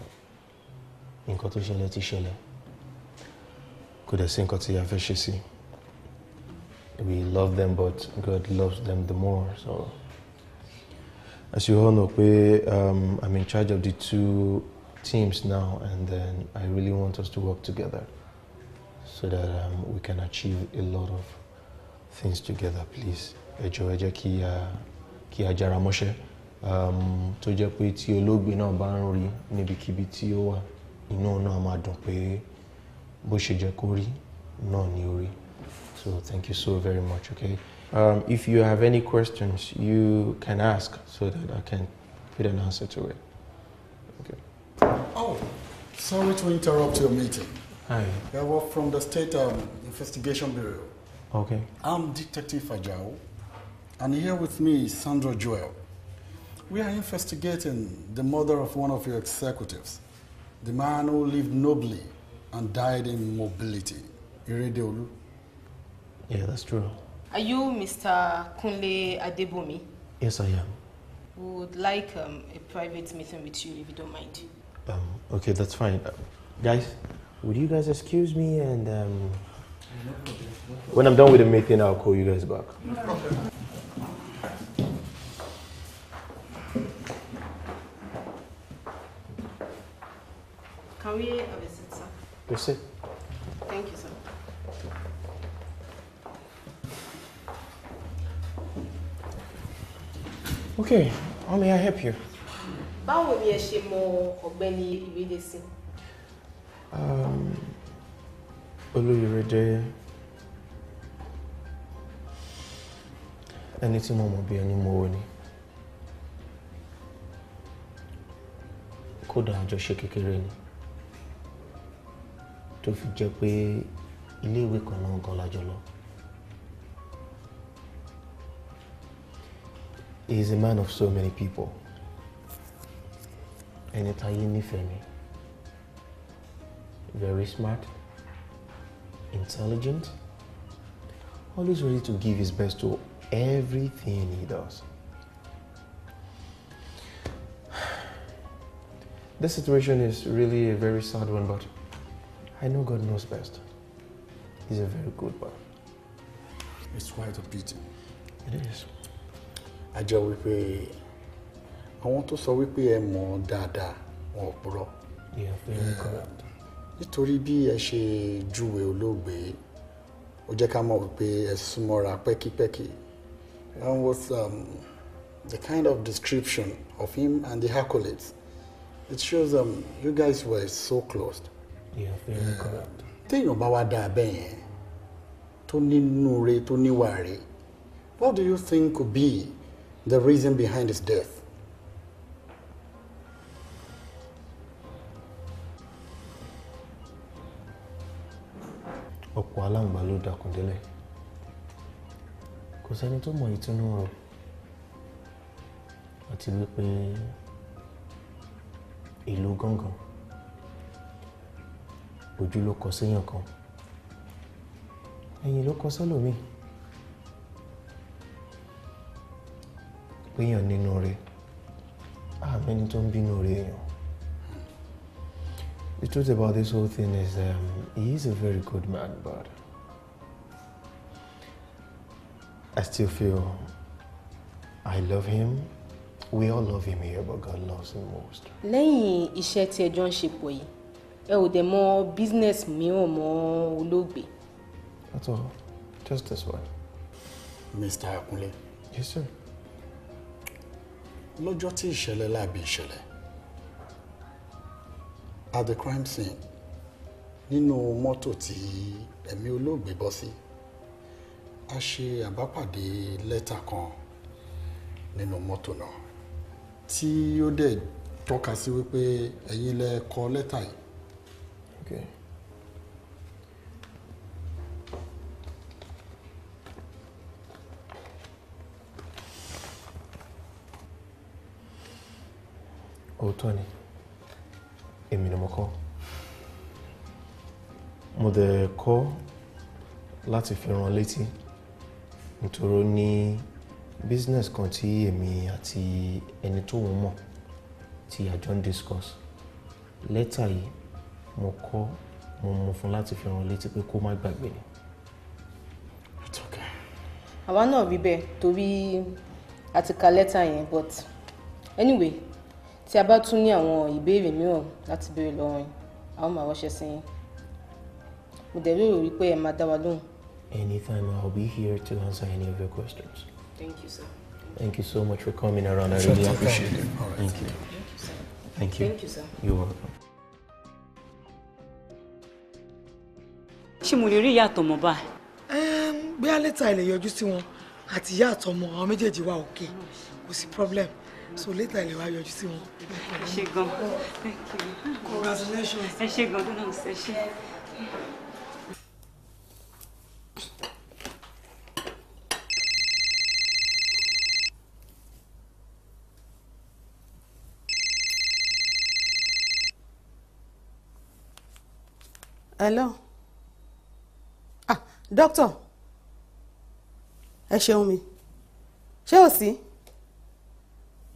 Speaker 8: nǹkan tó ṣẹlẹ̀ ti ṣẹlẹ̀ kò dẹ̀ sí nǹkan tí a fẹ́ ṣe sí we love them but God loves them the more so as you all know pé um, I'm in charge of the two teams now and then I really want us to work together so that um, we can achieve a lot of things together please ẹ jọ̀ọ́ ẹ jẹ́ kí a kí a jára Um, tó jẹ́ pé tí bá tí ó wà dùn pé bó ṣe jẹ́ ni so thank you so very much okay um, if you have any questions you can ask so that I can put an answer to it okay.
Speaker 4: oh sorry to interrupt your meeting. Hi. I work from the State um, Investigation Bureau. Okay. I'm Detective Ajao, and here with me is Sandra Joel. We are investigating the murder of one of your executives, the man who lived nobly and died in mobility, Irideolu. Yeah, that's true.
Speaker 5: Are you Mr. Kunle Adebomi? Yes, I am. Would like um, a private meeting with you if you don't mind.
Speaker 8: Um, okay, that's fine. Uh, guys, would you guys excuse me and um, when I'm done with the meeting, I'll call you guys back.
Speaker 2: No
Speaker 5: Can we have a sir? Thank you, sir.
Speaker 8: Okay, how may I help you?
Speaker 5: Báwo ni ẹ ṣe mọ ọ̀gbẹ́ni Ìbídésí?
Speaker 8: Um, Olóyèrè jẹ́ ẹni tí mo mọ̀ bí ẹni mo ní. Kódà àjọṣe kékeré ni. tó fi jẹ́ pé iléèwé kan náà gan He is a man of so many people. Ẹni táyé nífẹ̀ẹ́ mi. Very smart, intelligent, always ready to give his best to everything he does. This situation is really a very sad one, but I know God knows best. He's a very good one.
Speaker 4: It's quite a pity. It is. A jẹ́ wípé I want to wípé ẹ mọ̀ more, wọn ò purọ́. Yeah, very eh, correct. Nítorí bí ẹ ṣe júwe olóògbé, ó jẹ́ ká mọ̀ wípé ẹ súnmọ́ra pẹ́kípẹ́kí. And with um, the kind of description of him and the accolades, it shows um, you guys were so close they are very corrupt. téèyàn bá wá dáa bẹ́ẹ̀ yẹn tó nínú re tó níwà re what do you think could be the reason behind his death.
Speaker 8: ọ̀pọ̀ aláǹgbá ló dákun délẹ̀ kò sẹ́ni tó mọ ìtinú ọ̀rọ̀ àti wípé ìlú gángan ojú ló kọ séèyàn kan ẹ̀yìn ló kọ sẹ́lòmíì péèyàn nínú rẹ̀ àmẹ́ni tó ń bínú rẹ̀ èèyàn. The truth about this whole thing is um, he is a very good man, but I still feel I love him. We all love him here, but God loves him most.
Speaker 5: lẹ́yìn iṣẹ́ tí ẹjọ́ ń ṣe pọ̀ yìí ẹ ò dẹ̀ mọ business mìíràn mọ́ olóògbé.
Speaker 8: that's all just this one.
Speaker 4: mr akunle. yes sir. lọ́jọ́ tí ìṣẹ̀lẹ̀ láàbí ìṣẹ̀lẹ̀ at the crime scene nínú mọ́tò tí ẹ̀mí olóògbé bọ́ sí a ṣe àbápàdé lẹ́tà kan nínú mọ́tò náà tí ó dẹ̀ tọ́ka sí wípé ẹ̀yin lẹ kọ lẹ́tà yìí Okay.
Speaker 8: Òótọ́ ni, èmi ni mo kọ́. Mo dẹ̀ kọ́ láti fi rán létí nítorí ní business kan tí èmi àti ẹni tó ń mọ̀ tí a jọ ń discuss. Lẹ́tà yìí mo kọ́ mo mú fún láti fi ràn létí pé kó má gbàgbé ni.
Speaker 5: àwa náà rí bẹ́ẹ̀ torí a ka lẹ́tà yẹn but anyway tí a bá tún ní àwọn ìbéèrè mìíràn láti béèrè lọ́wọ́ yín a ó máa ránṣẹ́ sí yín mo dẹ̀ lérò wípé ẹ máa dá wa lóhùn.
Speaker 8: anytime i will be here to answer any of your questions. thank you sir. Thank you so much for coming around. I really appreciate it. Thank you. Thank you, sir. Thank you. Thank you, sir. You're welcome.
Speaker 7: ṣé mo lè rí ìyá àtọmọ báyìí.
Speaker 11: gbé alẹ́ta ilẹ̀ yọjú sí wọn àti ìyá àtọmọ àwọn méjèèjì wà òkè kò sí problem
Speaker 7: so later ilẹ̀ wa yọjú sí wọn. ẹ ṣé gan
Speaker 11: congratulations.
Speaker 7: ẹ ṣé gan dúnà ṣe ṣe.
Speaker 5: hello. Doctor, ẹ ṣeun mi ṣé ò sí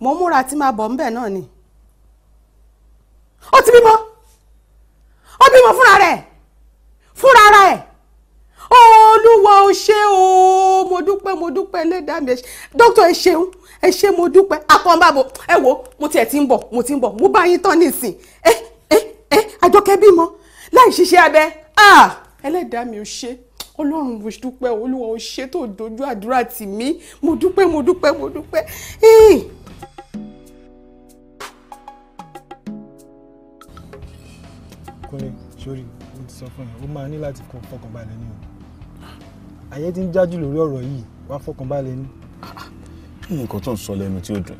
Speaker 5: mo múra tí máa bọ̀ ńbẹ̀ náà ni ó ti bímọ ó bímọ fúnra rẹ̀ fúnra ara ẹ̀ olúwa ó ṣé o mo dúpẹ́ mo dúpẹ́ ẹlẹ́dàá mi dókítà ẹ ṣeun ẹ ṣé mo dúpẹ́ akọ́nbàbọ̀ ẹ wo mo tiẹ̀ ti ń bọ̀ mo ti ń bọ̀ mo bá yín tán nísìn ẹ ẹ ẹ àjọkẹ́ bímọ láì ṣiṣẹ́ abẹ ah! ẹlẹ́dàá mi ò ṣe ọlọ́run mo dúpẹ́ olúwa o ṣe tó dojú àdúrà tì mí mo dúpẹ́ mo dúpẹ́ mo dúpẹ́.
Speaker 6: kúnlẹ̀ sórí mo ti sọ fún ẹ o máa ní láti kọ fọkànbalẹ̀ ni o ayé ti ń jájú lórí ọ̀rọ̀ yìí wá fọkànbalẹ̀ ni. kí ni nǹkan tó ń sọ lẹ́nu tí ó dùn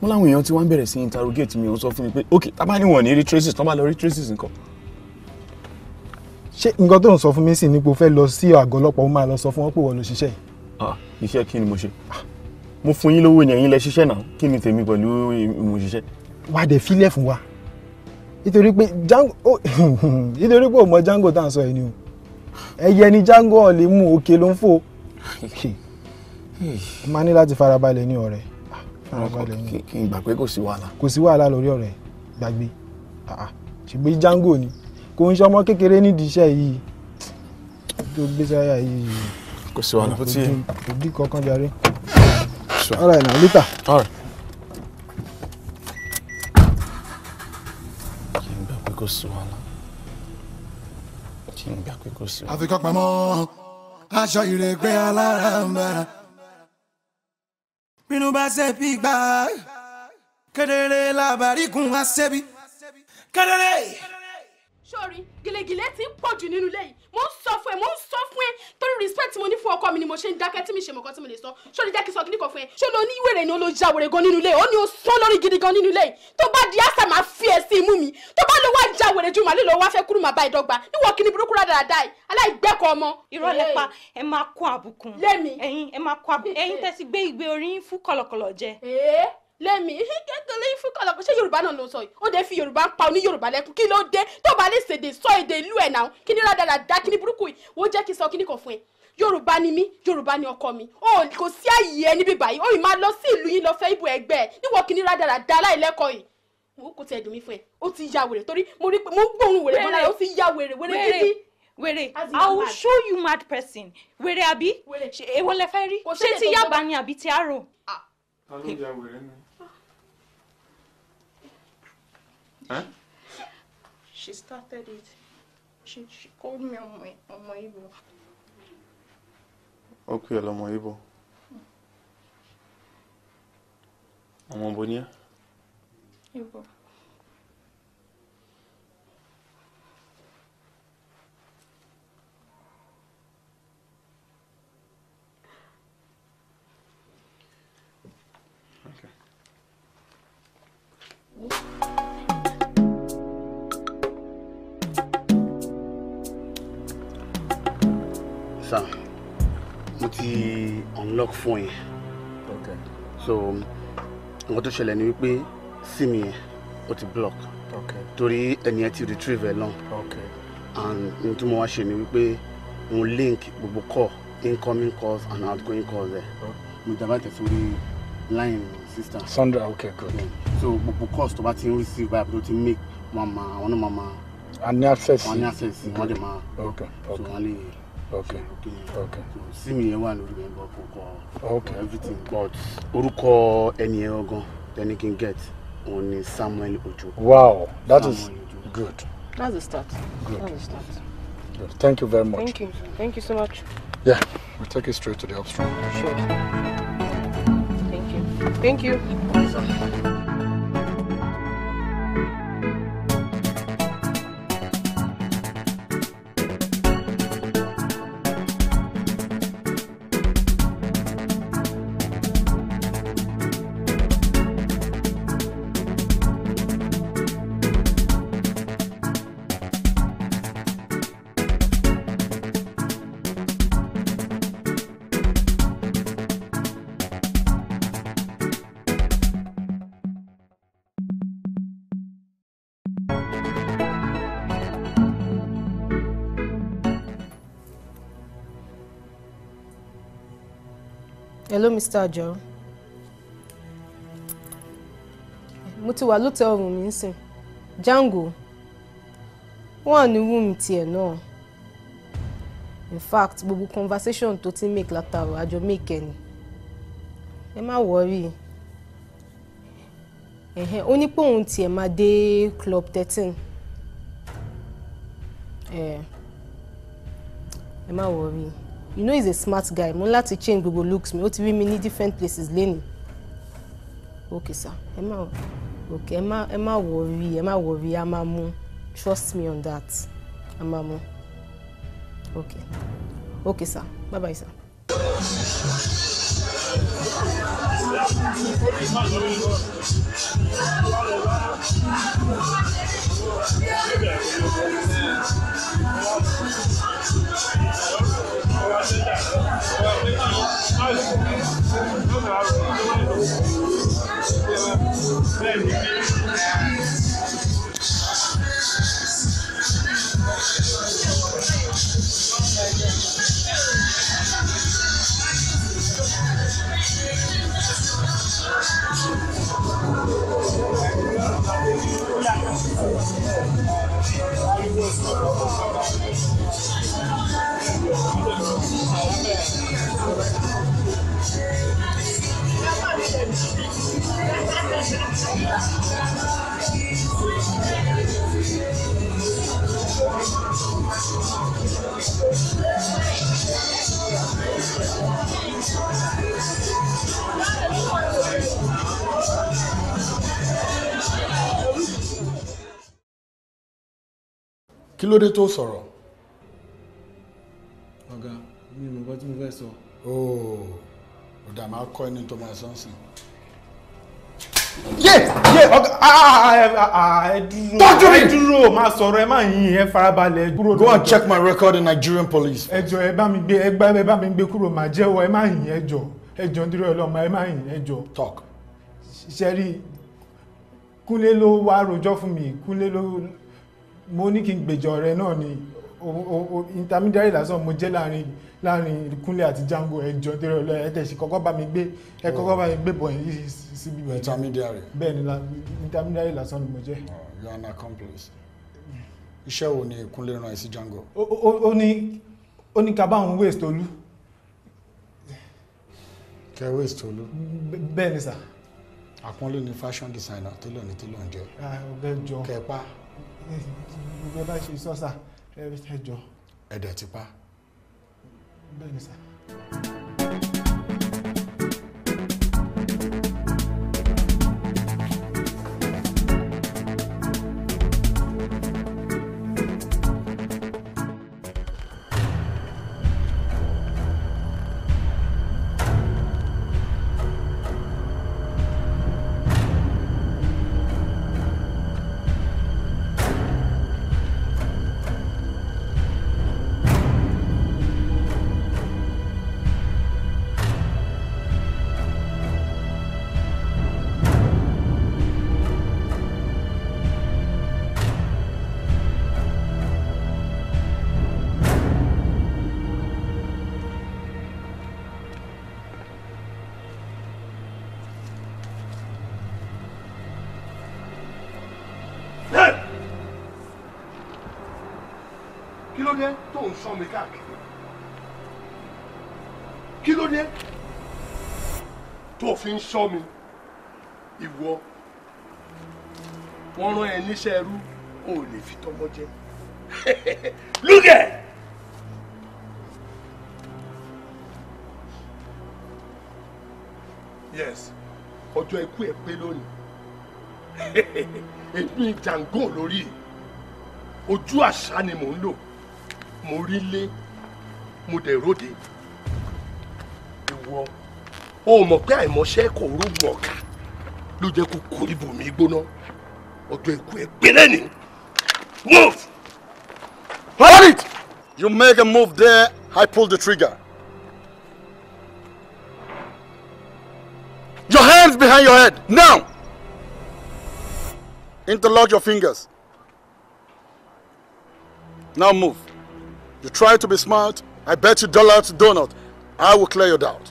Speaker 8: mo láwọn èèyàn tí wọ́n bẹ̀rẹ̀ sí interrogate mi wọ́n sọ fún mi pé ok tá ní wọ́n ní rí traces lọ rí nǹkan
Speaker 6: ṣé nǹkan tó ń sọ fún mi sì ni pé o fẹ́ lọ sí àgọ́ ọlọ́pàá o máa lọ sọ fún wọn pé wọ́n lọ ṣiṣẹ́ yìí. ah iṣẹ́ kí ni mo ṣe ah, mo fún yín lówó yẹn yín lẹ ṣiṣẹ́ náà kí ni tèmi pẹ̀lú mo ṣiṣẹ́. wà á dẹ̀ filẹ̀ fún wa nítorí pé Django nítorí pé o mọ Django tá à ń sọ yìí ni o ẹyẹ ni Django ọ̀ lè mú òkè ló ń fò máa ní láti farabalẹ̀ ní ọ̀rẹ́ ah, farabalẹ̀ ní. kí n gbà pé kò sí wàhálà. kò sí wàhálà lórí ọ̀rẹ́ gbàgbé ah, ṣùgbọ́n Django ni kò ń ṣọmọ kékeré nídìí iṣẹ́ yìí tó gbé sáyà yìí. kò sí wàhálà fún tiẹ̀. kò dín kankan jàre. all right now later. kí n gbà pé kò sí wàhálà
Speaker 8: kí n gbà pé kò sí wàhálà.
Speaker 1: àfikọ́ pamọ́ aṣọ ìrẹ̀gbẹ́ alára ń bára bínú bá ṣe fi gbà kedere làbàríkùn àṣẹbí kedere
Speaker 5: sórí gèlègèlè ti ń pọ̀jù nínú ilé yìí mo ń sọ fún ẹ e, mo ń sọ fún ẹ e. torí respect tí mo ní fún ọkọ mi ni mo ṣe ń dákẹ́ tí mi ṣe mọ̀kọ́ tí mo lè sọ sórí jẹ́ kí n sọ kíní kan fún ẹ ṣé lo oníwèrè ni ó lo ja wèrè gan nínú ilé ó ní o sán lórí gidi gan nínú ilé yìí tó di àṣà máa fi ẹ sí imú mi tó bá lọ wá ja wèrè ju màálù lọ wá fẹ́ kúrú màá bá ìdọ́gba níwọ̀ kíní burúkú dáadáa yìí aláìgbẹ́kọ̀ ọmọ. irọ́ lẹ́pa ẹ máa kó àbùkù ẹ̀yin ẹ máa kó àbùkù ẹ̀yin tẹ́sí gbé ìgbé orí fún kọ̀lọ̀kọ̀lọ̀ jẹ lẹ́mí kékeré fún kọlọ́kọ́ ṣé yorùbá náà ló sọ yìí ó dé fi yorùbá ń pa oní yorùbá lẹ́kùn kí ló dé tó bá lè ṣèdè sọ èdè ìlú ẹ̀ náà kí ni rádaràdá kí ni burúkú yìí wọ́n jẹ́ kí n sọ kí ni kò fún ẹ yorùbá ni mí yorùbá ni ọkọ mi ó kò sí àyè ẹ níbí báyìí ó yìí máa lọ sí ìlú yín lọ fẹ́ ibù ẹgbẹ́ ẹ níwọ̀ kí ni rádaràdá aláìlẹ́kọ̀ọ́ yìí mo kò tiẹ̀ dùn mí fún ẹ ó ti ya wèrè torí mo rí pé mo ń gbóhùn wèrè mọ́lá ó ti ya wèrè wèrè gidi wèrè i will show you mad person wèrè àbí èwo lẹ fẹ́ rí ṣé ti yaba ni àbí ti arò.
Speaker 8: ta ló ya wèrè ni.
Speaker 2: Huh?
Speaker 5: She started it. She, she called me on my, on my Ibo.
Speaker 8: Okay, on my Igbo. On my Bonia? Igbo. Okay. sir mo ti unlock phone yẹn okay. so nǹkan tó ṣẹlẹ̀ ni wípé sim yẹn ó ti block okay. torí ẹni ẹ ti retrieve ẹ náà okay. and n tí mo wá ṣe ni wípé mo link gbogbo call incoming calls and outgoing calls ẹ mo dábàá tẹ̀ sórí line sister. Sandra
Speaker 4: okay good. Yeah. so gbogbo calls tó bá ti receive báyìí tó ti make wọn máa àwọn náà máa a ní access. wọn ní access wọn okay okay so wọn lè okay okay Okay. mi yẹn wà lórí mi bọ kò okay everything but orúkọ ẹni yẹn ọgán then you can get
Speaker 8: òun ni Samuel Ojo. wow that Samuel is
Speaker 4: Ojo. good.
Speaker 5: that's the start. good that's the start.
Speaker 4: good thank you very much.
Speaker 5: thank you thank you so much. yeah
Speaker 4: we'll take you straight to the upstream. sure.
Speaker 5: thank you. thank you. Thank you. Hello, Mr. Ajo. Mo ti wà lóòótọ́ ọ̀run mi nsìn. Django. Wọ́n ní wúmi tiẹ̀ náà. In fact, gbogbo conversation tó ti make látàrọ àjọ make ẹni. Ẹ má wọ́rí. Ó ní pé òun tiẹ̀ máa dé club thirteen. Ẹ má wọ́rí you know he's a smart guy mo láti change gbogbo looks mi ó ti rí mi ní different places lẹ́nu Okay, sir ẹ má ok ẹ má ẹ má worry ẹ má worry a máa mú trust me on that a máa mú ok ok sir bye bye sir.
Speaker 2: Yeah. Thank you.
Speaker 4: ló dé tó sọ̀rọ̀. ọ̀gá mi ò mọ̀ nǹkan tí mo fẹ́ sọ. ooo ọ̀dà máa kọ́ ẹni tó máa sọ sí.
Speaker 6: yé yé ọ̀gá ẹ dúró tọ́jú mi ẹ dúró máa sọ̀rọ̀ ẹ máa yin ẹ farabalẹ̀ go and check my record in Nigerian police. ẹ jọ̀ọ́ ẹ bá mi gbé ẹ gbá ẹ bá mi gbé kúrò màá jẹ́wọ́ ẹ má yin ẹ jọ̀ọ́ ẹ jọ̀ọ́ ọlọ́mọ ẹ má yin ẹ jọ̀ọ́. talk. ṣẹ́rí kúnlé ló wá rojọ́ fún mi kúnlé ló mo ní kí n gbèjọ rẹ náà ni intermediary lásán mo jẹ́ láàrin láàrin Kúnlé àti Django ẹjọ́ tẹ́rẹ ọlọ́ ẹ̀ tẹ̀sí kọ́kọ́ bá mi gbé ẹ kọ́kọ́ bá mi gbé bọ̀ yìí síbi ìwé
Speaker 4: intermediary
Speaker 6: bẹ́ẹ̀ ni intermediary lásán ni mo jẹ́. Oh, you are an accomplice
Speaker 4: iṣẹ́ wo ni Kúnlé rán ẹ sí Django.
Speaker 6: ó ní ó ní ká bá òun waste olú.
Speaker 4: kẹ waste olú. bẹ́ẹ̀ ni sà. àpọ́nlé ni fashion designer tẹ́lẹ̀ ní tẹ́lẹ̀ ń jẹ́.
Speaker 6: Ah, ọ̀gá ẹjọ́ kẹ pa gbogbo ẹ bá ṣe sọ́sà ẹ jọ. ẹ̀dẹ̀ ti pa. bẹ́ẹ̀ ni sà.
Speaker 3: ń sán mi káàkiri kí ló dé tó fi ń sán mi ìwọ wọ́n rán ẹ níṣẹ́ ẹrú o ò lè fi tọmọ jẹ lúgẹ. yes ọjọ́ ikú ẹ pé lónìí èmi jàǹgó lórí ojú àṣà ni mò ń lò mo rí lé mo dẹ̀ ròde ìwọ o mọ̀ pé àìmọ̀ṣẹ́ kò rúgbọ̀n ọ̀ka ló jẹ́ kó
Speaker 4: kó ibòmí gbóná ọjọ́ ikú ẹ̀ pínlẹ̀ ni move. hold you make a move there I pull the trigger. Your hands behind your head now. Interlock your fingers. Now move. You try to be smart, I bet you dollar to donut, I will clear your doubt.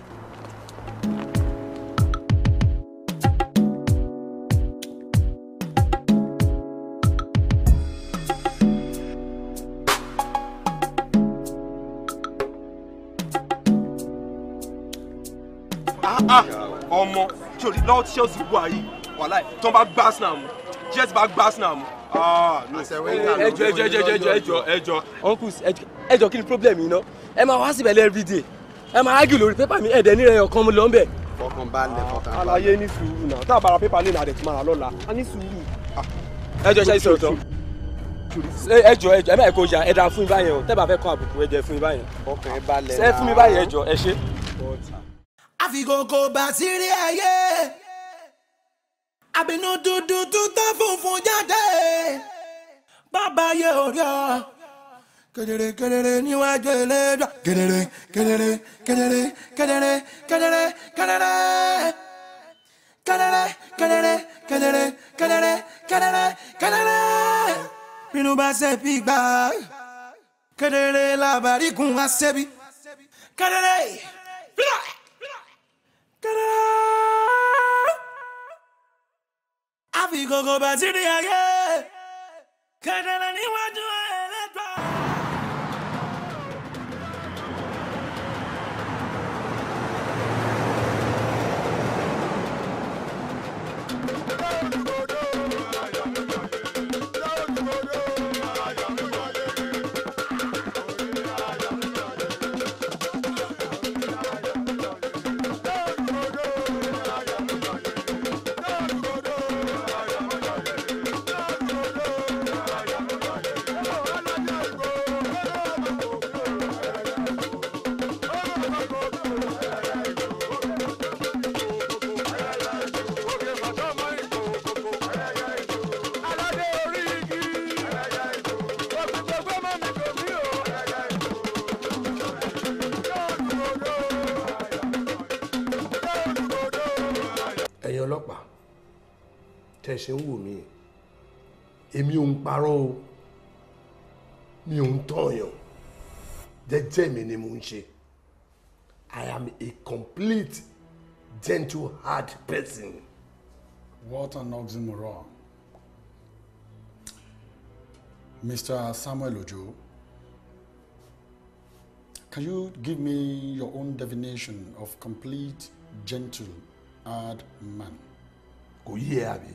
Speaker 3: Ah, ah, ọmọ tí o lè lọ́wọ́ tí ṣẹ́ọ̀sì wà yìí
Speaker 9: wàhálà yìí tó ń bá gbá sinam jẹ́ẹ̀sì bá gbá Edge, ẹjọ edge, ẹjọ edge,
Speaker 3: ẹjọ edge. uncles edge. ẹ jọ kí ni problem yìí ná ẹ máa wá síbẹ̀ lẹ́ everyday ẹ máa argue lórí pépà mi ẹ̀dẹ̀ nírẹ̀ ọ̀kan mo lọ ń bẹ̀. fọkàn balẹ̀ fọkàn balẹ̀. alaye ní sùúrù náà tá a bára pépà lẹ́nu àdẹ̀tí máa lọ́la a ní sùúrù.
Speaker 9: ẹ jọ ṣe é sọ̀rọ̀ tán ẹ jọ ẹ jọ ẹ bá ẹkọ ya ẹ dá fún mi báyẹn o tẹ́ bá fẹ́ kọ́ àbùkù ẹ jẹ́ fún mi báyẹn. ọkàn balẹ̀
Speaker 1: náà bàbá yẹ òrí ọ. kedere kedere níwájú ẹlẹ́dàá kedere kedere kedere kedere kedere kedere kedere kedere kedere kedere kedere kedere bínú bá sẹ́bi gbà kedere làbàríkùn wá sẹ́bi kedere kedere. àfi gbogbo bàtí ni ayé kedere níwájú ẹ.
Speaker 3: parọ́ o mi ò ń tọ̀yàn jẹ́jẹ́ mi ni mo ń ṣe I am a complete gentle hard person.
Speaker 4: What an oxymoron. Mr. Samuel Ojo, can you give me your own definition of complete, gentle, hard man? Kò yé e, àbí?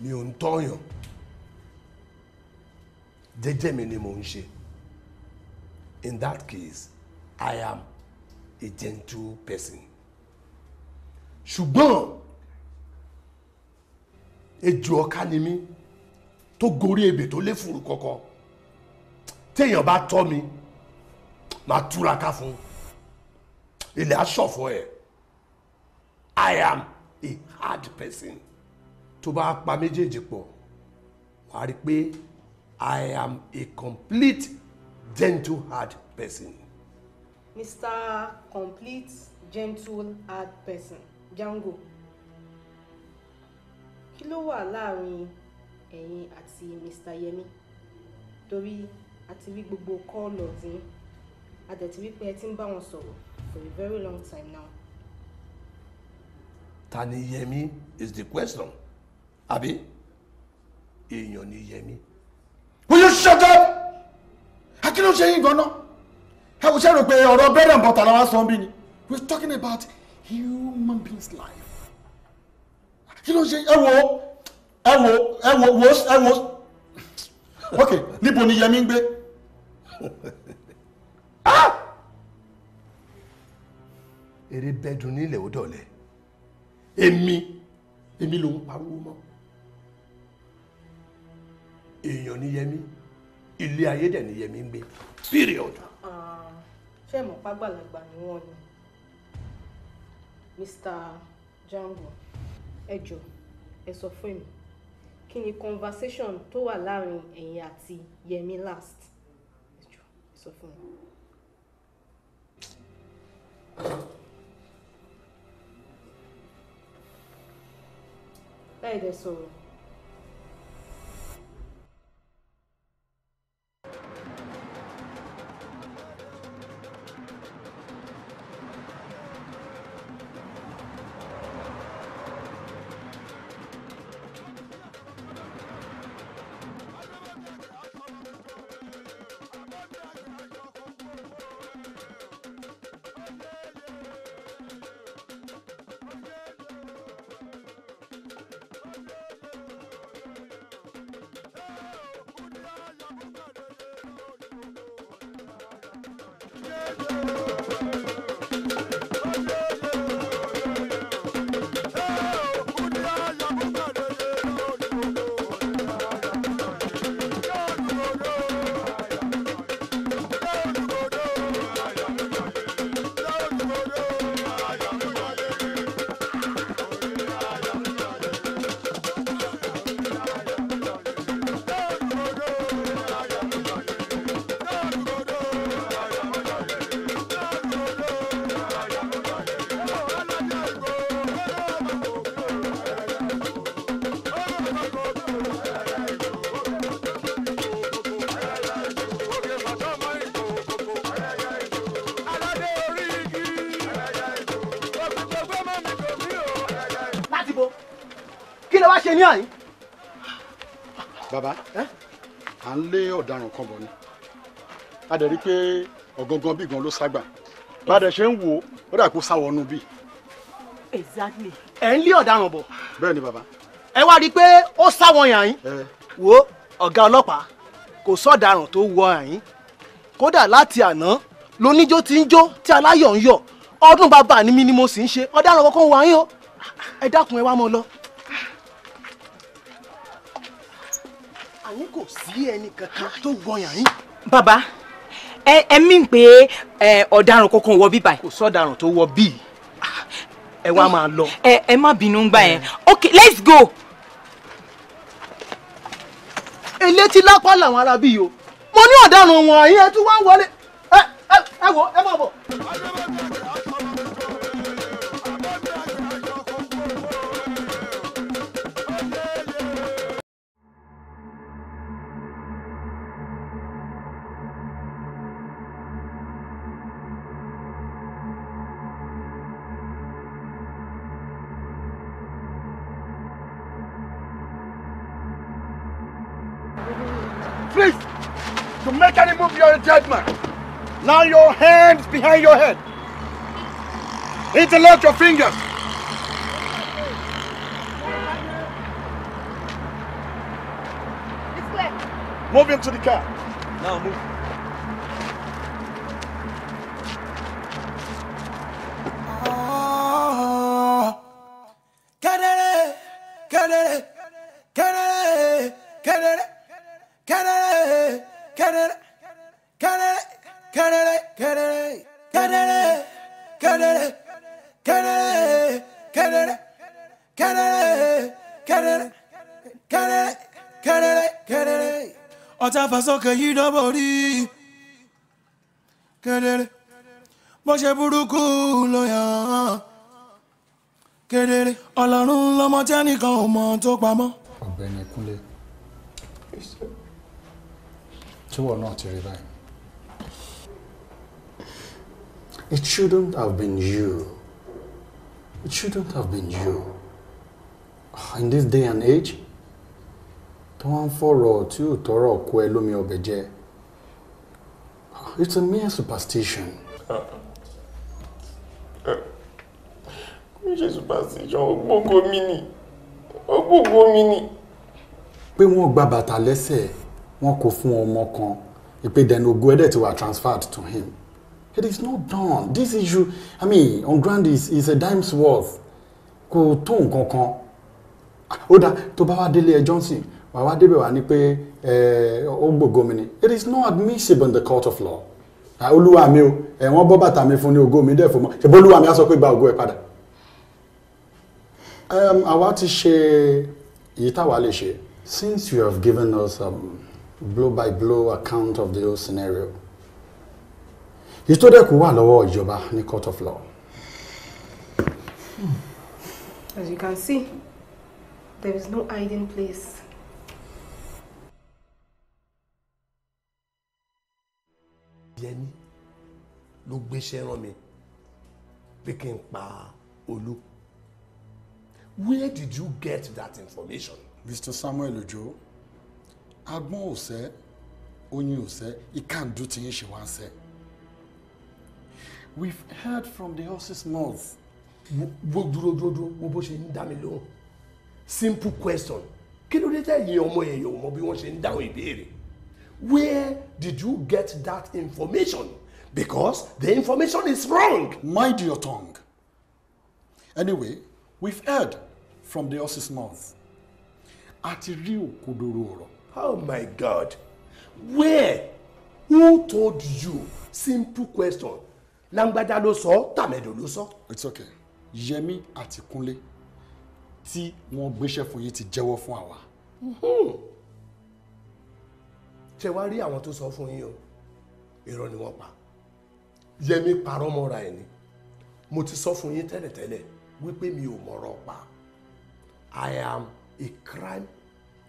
Speaker 4: mi ò ń tọ̀yàn
Speaker 3: jẹ́jẹ́ mi ni mò ń ṣe in that case I am a gentle person ṣùgbọ́n ejò ọ̀ka ni mí tó gorí ebè tó lé fùrù kọ̀kọ̀ téèyàn bá tọ́ mi máa túraká fún ilẹ̀ aṣọ̀fọ̀ ẹ̀ I am a hard person tó bá pa méjèèjì pọ̀ wà á rí i pé I am a complete gentle hard
Speaker 5: person. Mr. Complete Gentle Hard Person Django kí ló wà láàrin ẹ̀yin àti Mr. Yemi torí a ti rí gbogbo kọ́ọ̀lù ọ̀tún a dẹ̀ ti rí pé ẹ ti ń bá wọn sọ̀rọ̀ for a very long time now.
Speaker 3: Ta Yemi is the question àbí èèyàn ní yẹmí
Speaker 4: will you shut up akínú ṣe yín gan-an ẹ kò ṣe rò pé ọ̀rọ̀ bẹ́rẹ̀ bọ̀tà làwọn sọ bí ni we are talking about human beings life kí ló ń ṣe ẹ wo ẹ wo ẹ wo wo ẹ wo ok níbo ni yẹmí ń gbé.
Speaker 2: Ah!
Speaker 3: eré bẹ́ẹ̀dùn nílẹ̀ ó dọ̀lẹ́ èmi èmi ló ń pariwo mọ́ èèyàn ni yẹmí ilé ayé dẹ̀ ni yẹmí ń gbé period.
Speaker 5: Ah, ṣé pàgbàlagbà ni wọ́n ni Mr. Django ẹ jọ ẹ sọ fún mi kí ni conversation tó wà láàrin ẹ̀yin àti yẹmí last ẹ jọ ẹ sọ fún mi. láì sọ̀rọ̀.
Speaker 11: ṣe ní àyín.
Speaker 4: bàbá à ń lé ọ̀daràn kan bọ̀ ni a dẹ̀ rí i pé ọ̀gangan bí gan ló ságbà bá a dẹ̀ ṣe ń wò ó dà kó sá bí. exactly ẹ̀ ń lé ọ̀daràn bọ̀. bẹ́ẹ̀ ni bàbá. ẹ wá rí i pé ó sá wọn yàn yín
Speaker 11: wo ọ̀gá ọlọ́pàá kò sọ̀daràn tó wọ àyín kódà láti àná lóníjó ti ń jó tí aláyọ̀ ń yọ̀ ọdún bàbá ni mí ni mo sì ń ṣe ọ̀daràn kankan wọ àyín o ẹ dákun ẹ wá mọ lọ.
Speaker 3: àní kò sí ẹnì kankan tó gbọyàn yín.
Speaker 11: bàbá ẹ ẹ mí pé
Speaker 7: ọ̀daràn kankan wọ bí báyìí. kò sọ̀daràn tó wọ bíi ẹ wá máa lọ. ẹ ẹ má bínú gbà yẹn ok let's go.
Speaker 11: elétí lápá làwọn ará bí yìí o mo ní ọ̀daràn wọn àyè ẹ tún wá wọlé ẹ ẹ wò ẹ má bọ̀.
Speaker 3: Now
Speaker 4: your hands behind your head. Interlock your fingers.
Speaker 1: Move into the car. Now move. àfàsókè yìí dánbọ̀ rí kedere bó ṣe burúkú ló yàn kedere ọlọ́run lọ́mọ tí ẹnìkan ò mọ̀ tó pamọ́. ọ̀gbẹ́ni kúnlé
Speaker 4: tíwọ náà ti rí báyìí. It shouldn't have been you. It shouldn't have been you. In this day and age, tó wá ń fọ̀rọ̀ tí ò tọrọ kó ẹ lómi ọbẹ̀ jẹ it's a mere superstition. kò ṣe superstition ògbógo mi ni ògbógo mi ni. pé wọ́n gba bàtà lẹ́sẹ̀ wọn kò fún ọmọ kan ìpè dẹnu ogun ẹ̀dẹ̀ ti wà transferred to him. It is not done. This issue, I mean, on ground is, is a dime's worth. Kò tó nǹkan kan. Ó dá tó bá wá délé ẹjọ́ sí, wà wá débẹ̀ wá ní pé ó gbogbo ni it is not admissible in the court of law olúwa mi o ẹ̀wọ̀n bọ́ bàtà mi fún ní ògo mi dẹ̀ fún mọ́ ṣùgbọ́n olúwa mi á sọ pé gba ògo ẹ̀ padà um, àwa ti ṣe èyí táwa lè ṣe since you have given us a um, blow by blow account of the whole scenario èyí tó dẹ̀kú wà lọ́wọ́ ìjọba ní court of law.
Speaker 5: Hmm. As you can see, there is no hiding place.
Speaker 3: yẹni ló gbéṣẹ́ rán mi pé kí n pa olú where did you get that information.
Speaker 4: Mr. Samuel Ojo agbọ́n òsẹ́ oyin òsẹ́ ìkàndú tí ń ṣe wá ń sẹ́. we've heard from the horse's mouth. wo dúró dúró
Speaker 3: dúró wo bó ṣe ń dá mi lóhùn simple question kí ló dé tẹ̀yìn ọmọ èèyàn mọ bí wọ́n ṣe ń dáhùn ìbéèrè Where did you get that information?
Speaker 4: Because the information is wrong. Mind your tongue. Anyway, we've heard from the horse's mouth. Àti rí
Speaker 3: Oh my God! Where? Who told you? Simple
Speaker 4: question. Langbada ló sọ, tamedo ló sọ. It's okay. Yẹmí àti Ti tí wọ́n gbéṣẹ́ fún yín ti jẹ́wọ́ fún àwa. mm
Speaker 3: ṣe wá rí àwọn tó sọ fún yín o irọ́ ni wọ́n pa yẹmi parọ́ mọ́ra ẹ̀ ni mo ti sọ fún yín tẹ́lẹ̀tẹ́lẹ̀ wípé mi ò mọ̀rọ̀ pa I am a crime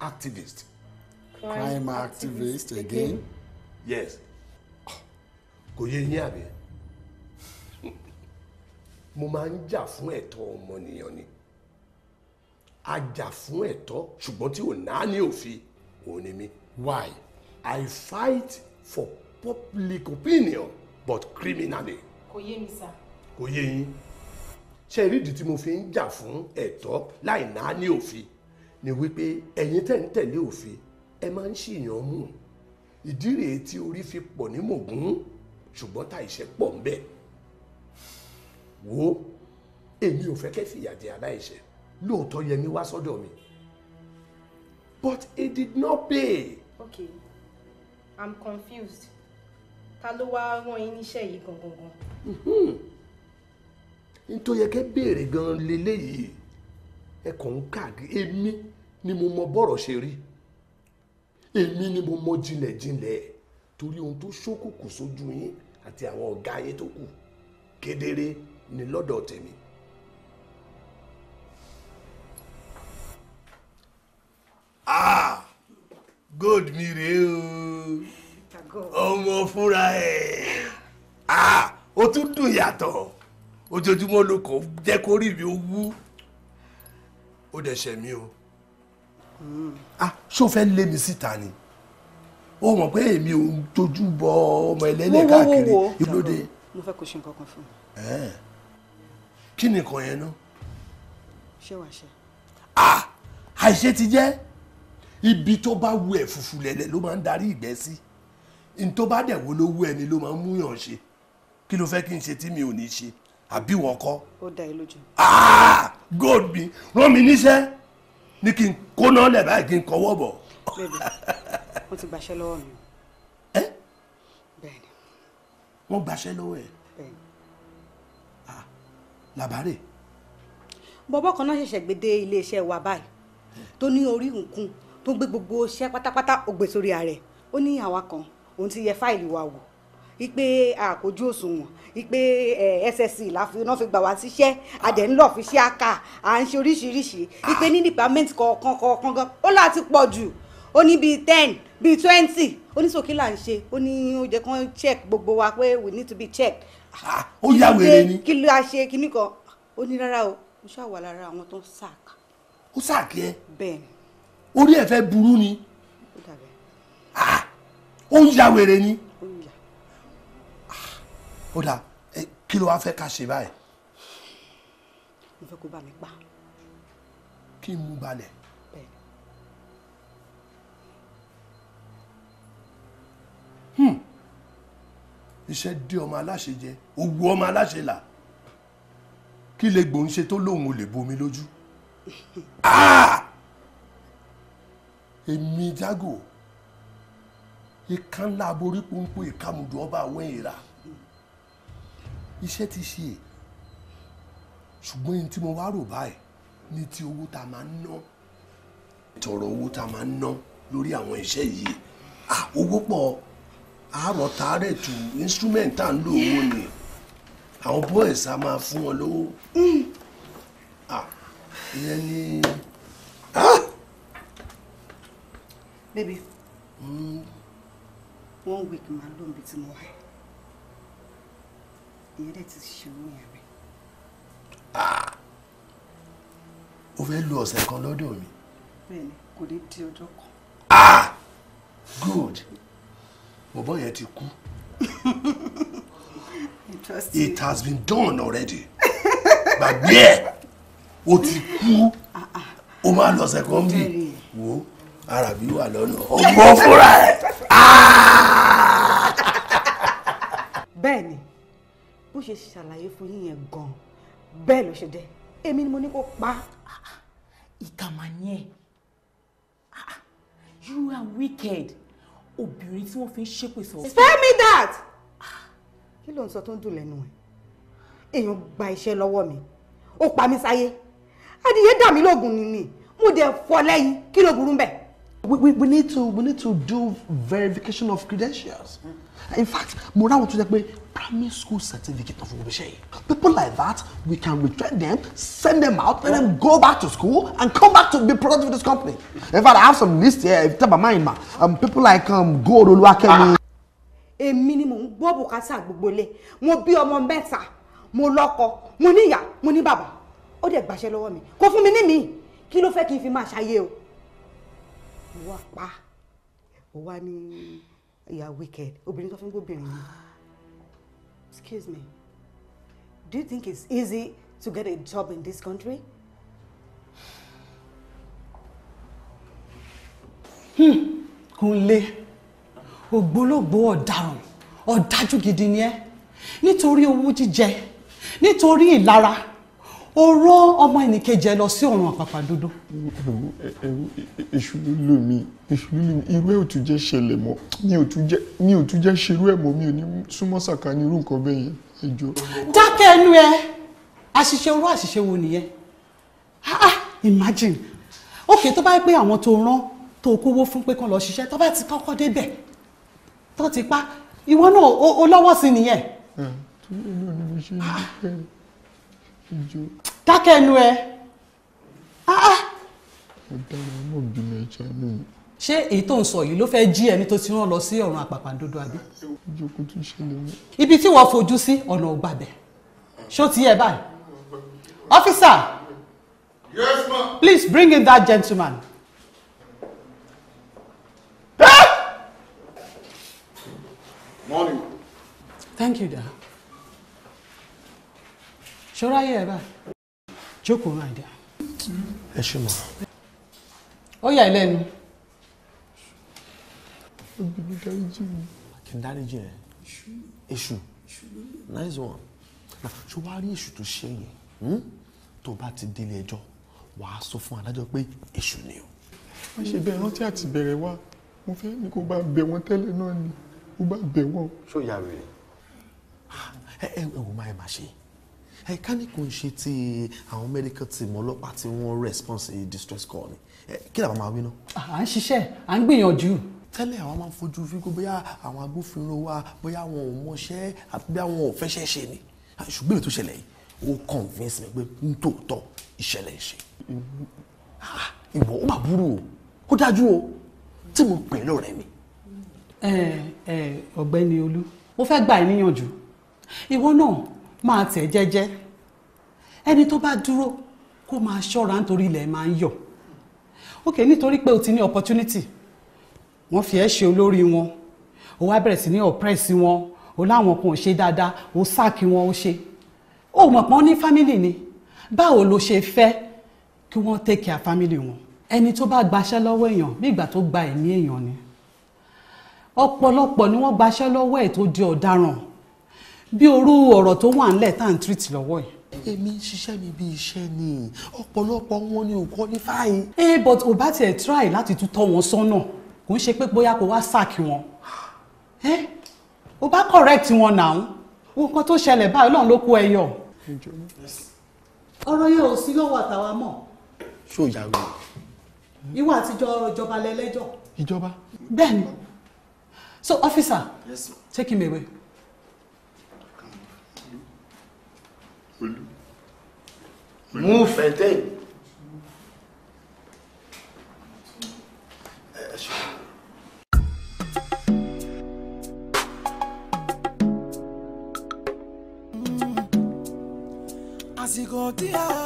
Speaker 3: activist. crime, activist, again? yes kò yé yín àbí mo máa ń jà fún ẹ̀tọ́ ọmọnìyàn ni a jà fún ẹ̀tọ́ ṣùgbọ́n tí ò náà ní òfin òun ni mí. why? I fight for public opinion but criminally. Kò yé mi sá. Kò yé yín. Ṣé ìrídìí tí mo fi ń jà fún ẹ̀tọ́ láì náà ní òfin ni wípé ẹ̀yin tẹ̀ ń tẹ̀lé òfin ẹ máa ń ṣìyàn mú. Ìdí rèé tí orí fi pọ̀ ní mògún ṣùgbọ́n tá ìṣẹ́ pọ̀ ń bẹ̀. Wo èmi ò fẹ́ kẹ́ fìyà jẹ aláìṣẹ̀ lóòótọ́ Yẹmí wá sọ́dọ̀ mi but it did not pay.
Speaker 5: Okay i'm confused ta ló wá rán yín níṣẹ́ yìí gangan
Speaker 3: gan. nítorí ẹ kẹ́ béèrè gan-an ẹ kàn ń káàkiri èmi ni mo mọ bọ́rọ̀ ṣe rí èmi ni mo mọ jinlẹ̀jinlẹ̀ torí ohun tó ṣókùnkùn sójú yín àti àwọn ọ̀gá yín tó kù kedere ni lọ́dọ̀ tèmi. ah gold mi rèé o ọmọ fúnra ẹ̀ ó tún dùn yàtọ̀ ojoojúmọ́ ló kàn jẹ́ kó rí mi ó wú ó dẹ̀ ṣẹ̀ mí o. ṣó fẹ́ lé mi síta ni ó mọ̀ pé èmi ò ń tójú bọ ọmọ ẹlẹ́lẹ̀ káàkiri ìlóde.
Speaker 7: mo fẹ́ kó ṣe nǹkan kan fún mi.
Speaker 3: kí ni nǹkan yẹn náà. ṣé wàá ṣe. àìṣe ti jẹ́ ibi tó bá wù ẹ fùfù lẹ̀lẹ̀ ló máa ń darí ìgbẹ́ sí n tó bá dẹ̀ wo ló wù ẹni ló máa ń múyàn ṣe kí ló fẹ́ kí n ṣe tí mi ò ní ṣe àbí wọn kọ́.
Speaker 5: ó dá yín lójú. Ah!
Speaker 3: gold mi rán mi níṣẹ́ ní kí n kóná lẹ̀ báyìí kí n kọwọ́ bọ̀.
Speaker 5: bẹ́ẹ̀ni wọn ti gbàṣẹ lọ́wọ́ mi. ẹ bẹ́ẹ̀ni.
Speaker 3: wọn gbàṣẹ lọ́wọ́ ẹ. bẹ́ẹ̀ni. Ah! làbárè.
Speaker 5: bọ́bọ́ kan náà ṣẹ̀ṣẹ̀ gbé dé iléeṣẹ́ wa báyìí tó ní orí nkún tó gbé gbogbo iṣẹ́ pátápátá ó sórí ààrẹ ó ní àwa kan òun ti yẹ fáìlì wa wò ipe àkójú òṣùwọ̀n ipe ssc láfi iná fi gbà wá síṣẹ́ àdẹ̀ńlọ̀ fi ṣe àkà à ń ṣe oríṣiríṣi ipe ní department kọ̀ọ̀kan kọ̀ọ̀kan gan ó láti pọ̀ jù ó ní bíi ten bíi twenty ó là ń ṣe ó ní ó jẹ́ kán check gbogbo wa pé we need to be checked. ó yà wèrè ni kí ló a ṣe kíní kan ó ní rárá o ó ṣàwà lára àwọn tó ń sàk.
Speaker 3: ó sàk yẹ. bẹ́ẹ̀ni orí ẹ̀ fẹ́ burú ni ah, ó ń ya wèrè ni ó dà kí ló wá fẹ́ ká ṣe báyìí. mo fẹ́ kó bá mi pa. kí n mú balẹ̀. Hmm. iṣẹ́ dé ọmọ aláṣẹ jẹ òwú ọmọ aláṣẹ là kí lè gbòǹṣe tó lóun ò lè bomi lójú. Ah! èmi Jágò ìka ńlá aborí pọ́npọ́ ìkàmùdù ọba àwọn èèrà iṣẹ́ ti ṣe ṣùgbọ́n ẹni tí mo wá rò báyìí ní ti owó tá a máa ń ná tọrọ owó tá a máa ń ná lórí àwọn iṣẹ́ yìí owó pọ̀ àárọ̀ tààrẹ̀ tù instrument tá à ń lò owó ni àwọn boys a máa fún wọn lówó
Speaker 11: ìyẹn ni. Ah! Baby. Mm. One week my ló ń more.
Speaker 7: The mo is showing me. ti
Speaker 3: ṣòro yẹn mi. O fẹ́ lo ọ̀sẹ̀ kan lọ́dọ̀ mi.
Speaker 7: Bẹ́ẹ̀ni, kò ní di ọjọ́ kan. Ah!
Speaker 3: Good. Bọ̀bọ̀ yẹn ti kú. It has been done already. But ẹ̀, o ti
Speaker 11: kú. O ah,
Speaker 3: ah. máa lọ ọ̀sẹ̀ kan bí. Wo arabi wà lọ́nà
Speaker 5: ọgbọ́n fúnra ẹ̀. bẹ́ẹ̀ ni bó ṣe ṣàlàyé fún yín yẹn gan-an bẹ́ẹ̀ ló ṣe jẹ́ èmi ni mo ní kó pa ìkàmání ẹ̀ you are wicked obìnrin tí wọ́n fi ń ṣépè sọ. spare me that. kí ló ń sọ tó ń dùn lẹ́nu ẹ̀ èèyàn gba iṣẹ́ lọ́wọ́ mi ó pa mí sáyé adìyẹ dà mí lóògùn nìní mo dẹ̀ fọ́ lẹ́yìn kí ló burú ń we, we, we need to
Speaker 9: we need to do verification of credentials. In fact, mo want to take pé primary school certificate of Obishe. People like that, we can retrain them, send them out, and then go back to school and come back to be productive in this company. In fact, I have some list here, if you my mind, ma, um, people like um, Gold Oluwakemi.
Speaker 5: Èmi ni mò ń gbọ́ bùkátà gbogbo ilé, mo bí ọmọ mẹ́ta, mo lọ́kọ, mo níyà, mo ní bàbá, ó dẹ̀ gbàṣẹ lọ́wọ́ mi, kò fún mi ní mi, kí ló o? wá pa ó wá ní ìyá wicked obìnrin tó fi ń gbóbìnrin ni excuse me do you think it's easy to get a job in this country.
Speaker 11: Hmm. Kúnlé ògbólógbò ọ̀daràn ọ̀dájú gidi ni ẹ́ nítorí owó jíjẹ nítorí ìlara o rán ọmọ ẹnìkejì ẹ lọ sí ọ̀run àpàpàdodo. èṣù ló mi èṣù ló mi
Speaker 10: irú ẹ̀ ò tún jẹ́ ṣẹlẹ̀ mọ́ mi ò tún jẹ́ ṣerú ẹ̀ mọ́ mi ò ní súnmọ́ sàkà ní irú nǹkan bẹ́ẹ̀ yẹn ẹjọ́.
Speaker 11: dákẹ́ ẹnu ẹ àṣìṣe orú àṣìṣe wo nìyẹn ah, ah imagine òkè tó bá yẹ pé àwọn tó rán tó kówó fún pé kán lọ ṣiṣẹ́ tó bá ti kọ́kọ́ débẹ̀ tó ti pa ìwọ náà ó lọ́wọ́ sí nìyẹn ìjọ. dákẹ́ ẹnu ẹ.
Speaker 10: mo ah, ah. dára mo bínú ẹ̀jẹ̀ nù.
Speaker 11: ṣé èyí tó ń sọ yìí ló fẹ́ẹ́ jí ẹni tó ti rán lọ sí ọ̀run àpàpàǹdodo àbí. ìjọ kò tún ṣẹlẹ̀ mọ́. ibi tí wọ́n fojú sí ọ̀nà ò gbàbẹ̀ ṣó ti yẹ báyìí. officer.
Speaker 4: yes ma.
Speaker 11: please bring in that gentleman. Morning. Ah! Thank you, Dad ṣọ́ra yẹ ẹ bá jókòó náà dá. ẹ ṣe mọ. ó yà ẹ lẹ́nu. obìnrin dáríjì mi.
Speaker 9: kì í dáríjì ẹ èṣù nice one ṣé wàá rí èṣù tó ṣe yẹn hmm? tó bá ti délé ẹjọ́ wàá sọ fún adájọ́ pé èṣù ni o.
Speaker 10: má ṣe bẹ́ẹ̀ rántí àti bẹ̀rẹ̀ wá
Speaker 9: mo fẹ́ ní kó bá bẹ̀ wọ́n tẹ́lẹ̀ náà ni mo bá bẹ̀ wọ́n. ṣó yà rèé ah, ẹ ẹ wò má ẹ má ṣe é ẹ ká ní kò ń ṣe ti àwọn medical team ọlọ́pàá tí wọ́n response a distress call ni kí làwọn máa wí náà. à ń ṣiṣẹ́ à ń gbìyànjú. tẹ́lẹ̀ àwọn máa ń fojú fíkú bóyá àwọn agbófinró wa bóyá àwọn ò mọṣẹ́ àti bí àwọn ò fẹ́ṣẹ́ ṣe ni ṣùgbọ́n ètò ìṣẹ̀lẹ̀ yìí ó convince mi pé n tòótọ́ ìṣẹ̀lẹ̀
Speaker 11: ṣe. ìwọ ó mà burú o ó dájú o tí mo pè lóore mi. ẹ ẹ ọ̀gbẹ́ni olú mo fẹ́ gbà ẹ́ níyànjú ìwọ náà máa tẹ̀ jẹ́jẹ́ ẹni tó bá dúró kó máa ṣọ́ra nítorí ilẹ̀ máa ń yọ̀ ok nítorí pé o ti ní opportunity wọ́n fi ẹ́ ṣe olórí wọn o wá bẹ̀rẹ̀ sí ní oppress wọn o láwọn kan ò ṣe dáadáa o sáàkì wọn o ṣe o mọ̀ pọ́n ní family ni báwo lo ṣe fẹ́ kí wọ́n take care family wọn ẹni tó bá gbaṣẹ́ lọ́wọ́ èèyàn bí ìgbà tó gba ẹ̀mí èèyàn ni ọ̀pọ̀lọpọ̀ ni wọ́n gbaṣẹ́ lọ́wọ́ ẹ̀ tó di ọ̀daràn bí orú ọ̀rọ̀ tó wà ńlẹ̀ tá à ń tírìtì lọ́wọ́ yìí èmi ń ṣiṣẹ́ mi bí iṣẹ́ ni ọ̀pọ̀lọpọ̀ wọn ni ò qualify. ẹ eh, but ò bá tiẹ̀ try láti tún tọ́ wọn sọ́nà kò ń ṣe pé bóyá kò wá sack wọn ẹ eh, ò bá correct wọn now wọn kan tó ṣẹlẹ̀ báyìí ọlọ́run ló kó ẹ yọ. ọ̀rọ̀ yẹn ò sí lọ́wọ́ àtàwa mọ̀. ṣó o yàrá o. ìwà àtijọ́ ìjọba lẹ́lẹ́jọ́. ìjọba. bẹ́ẹ̀ni so officer yes, take him away.
Speaker 3: Move, entende?
Speaker 1: As you go,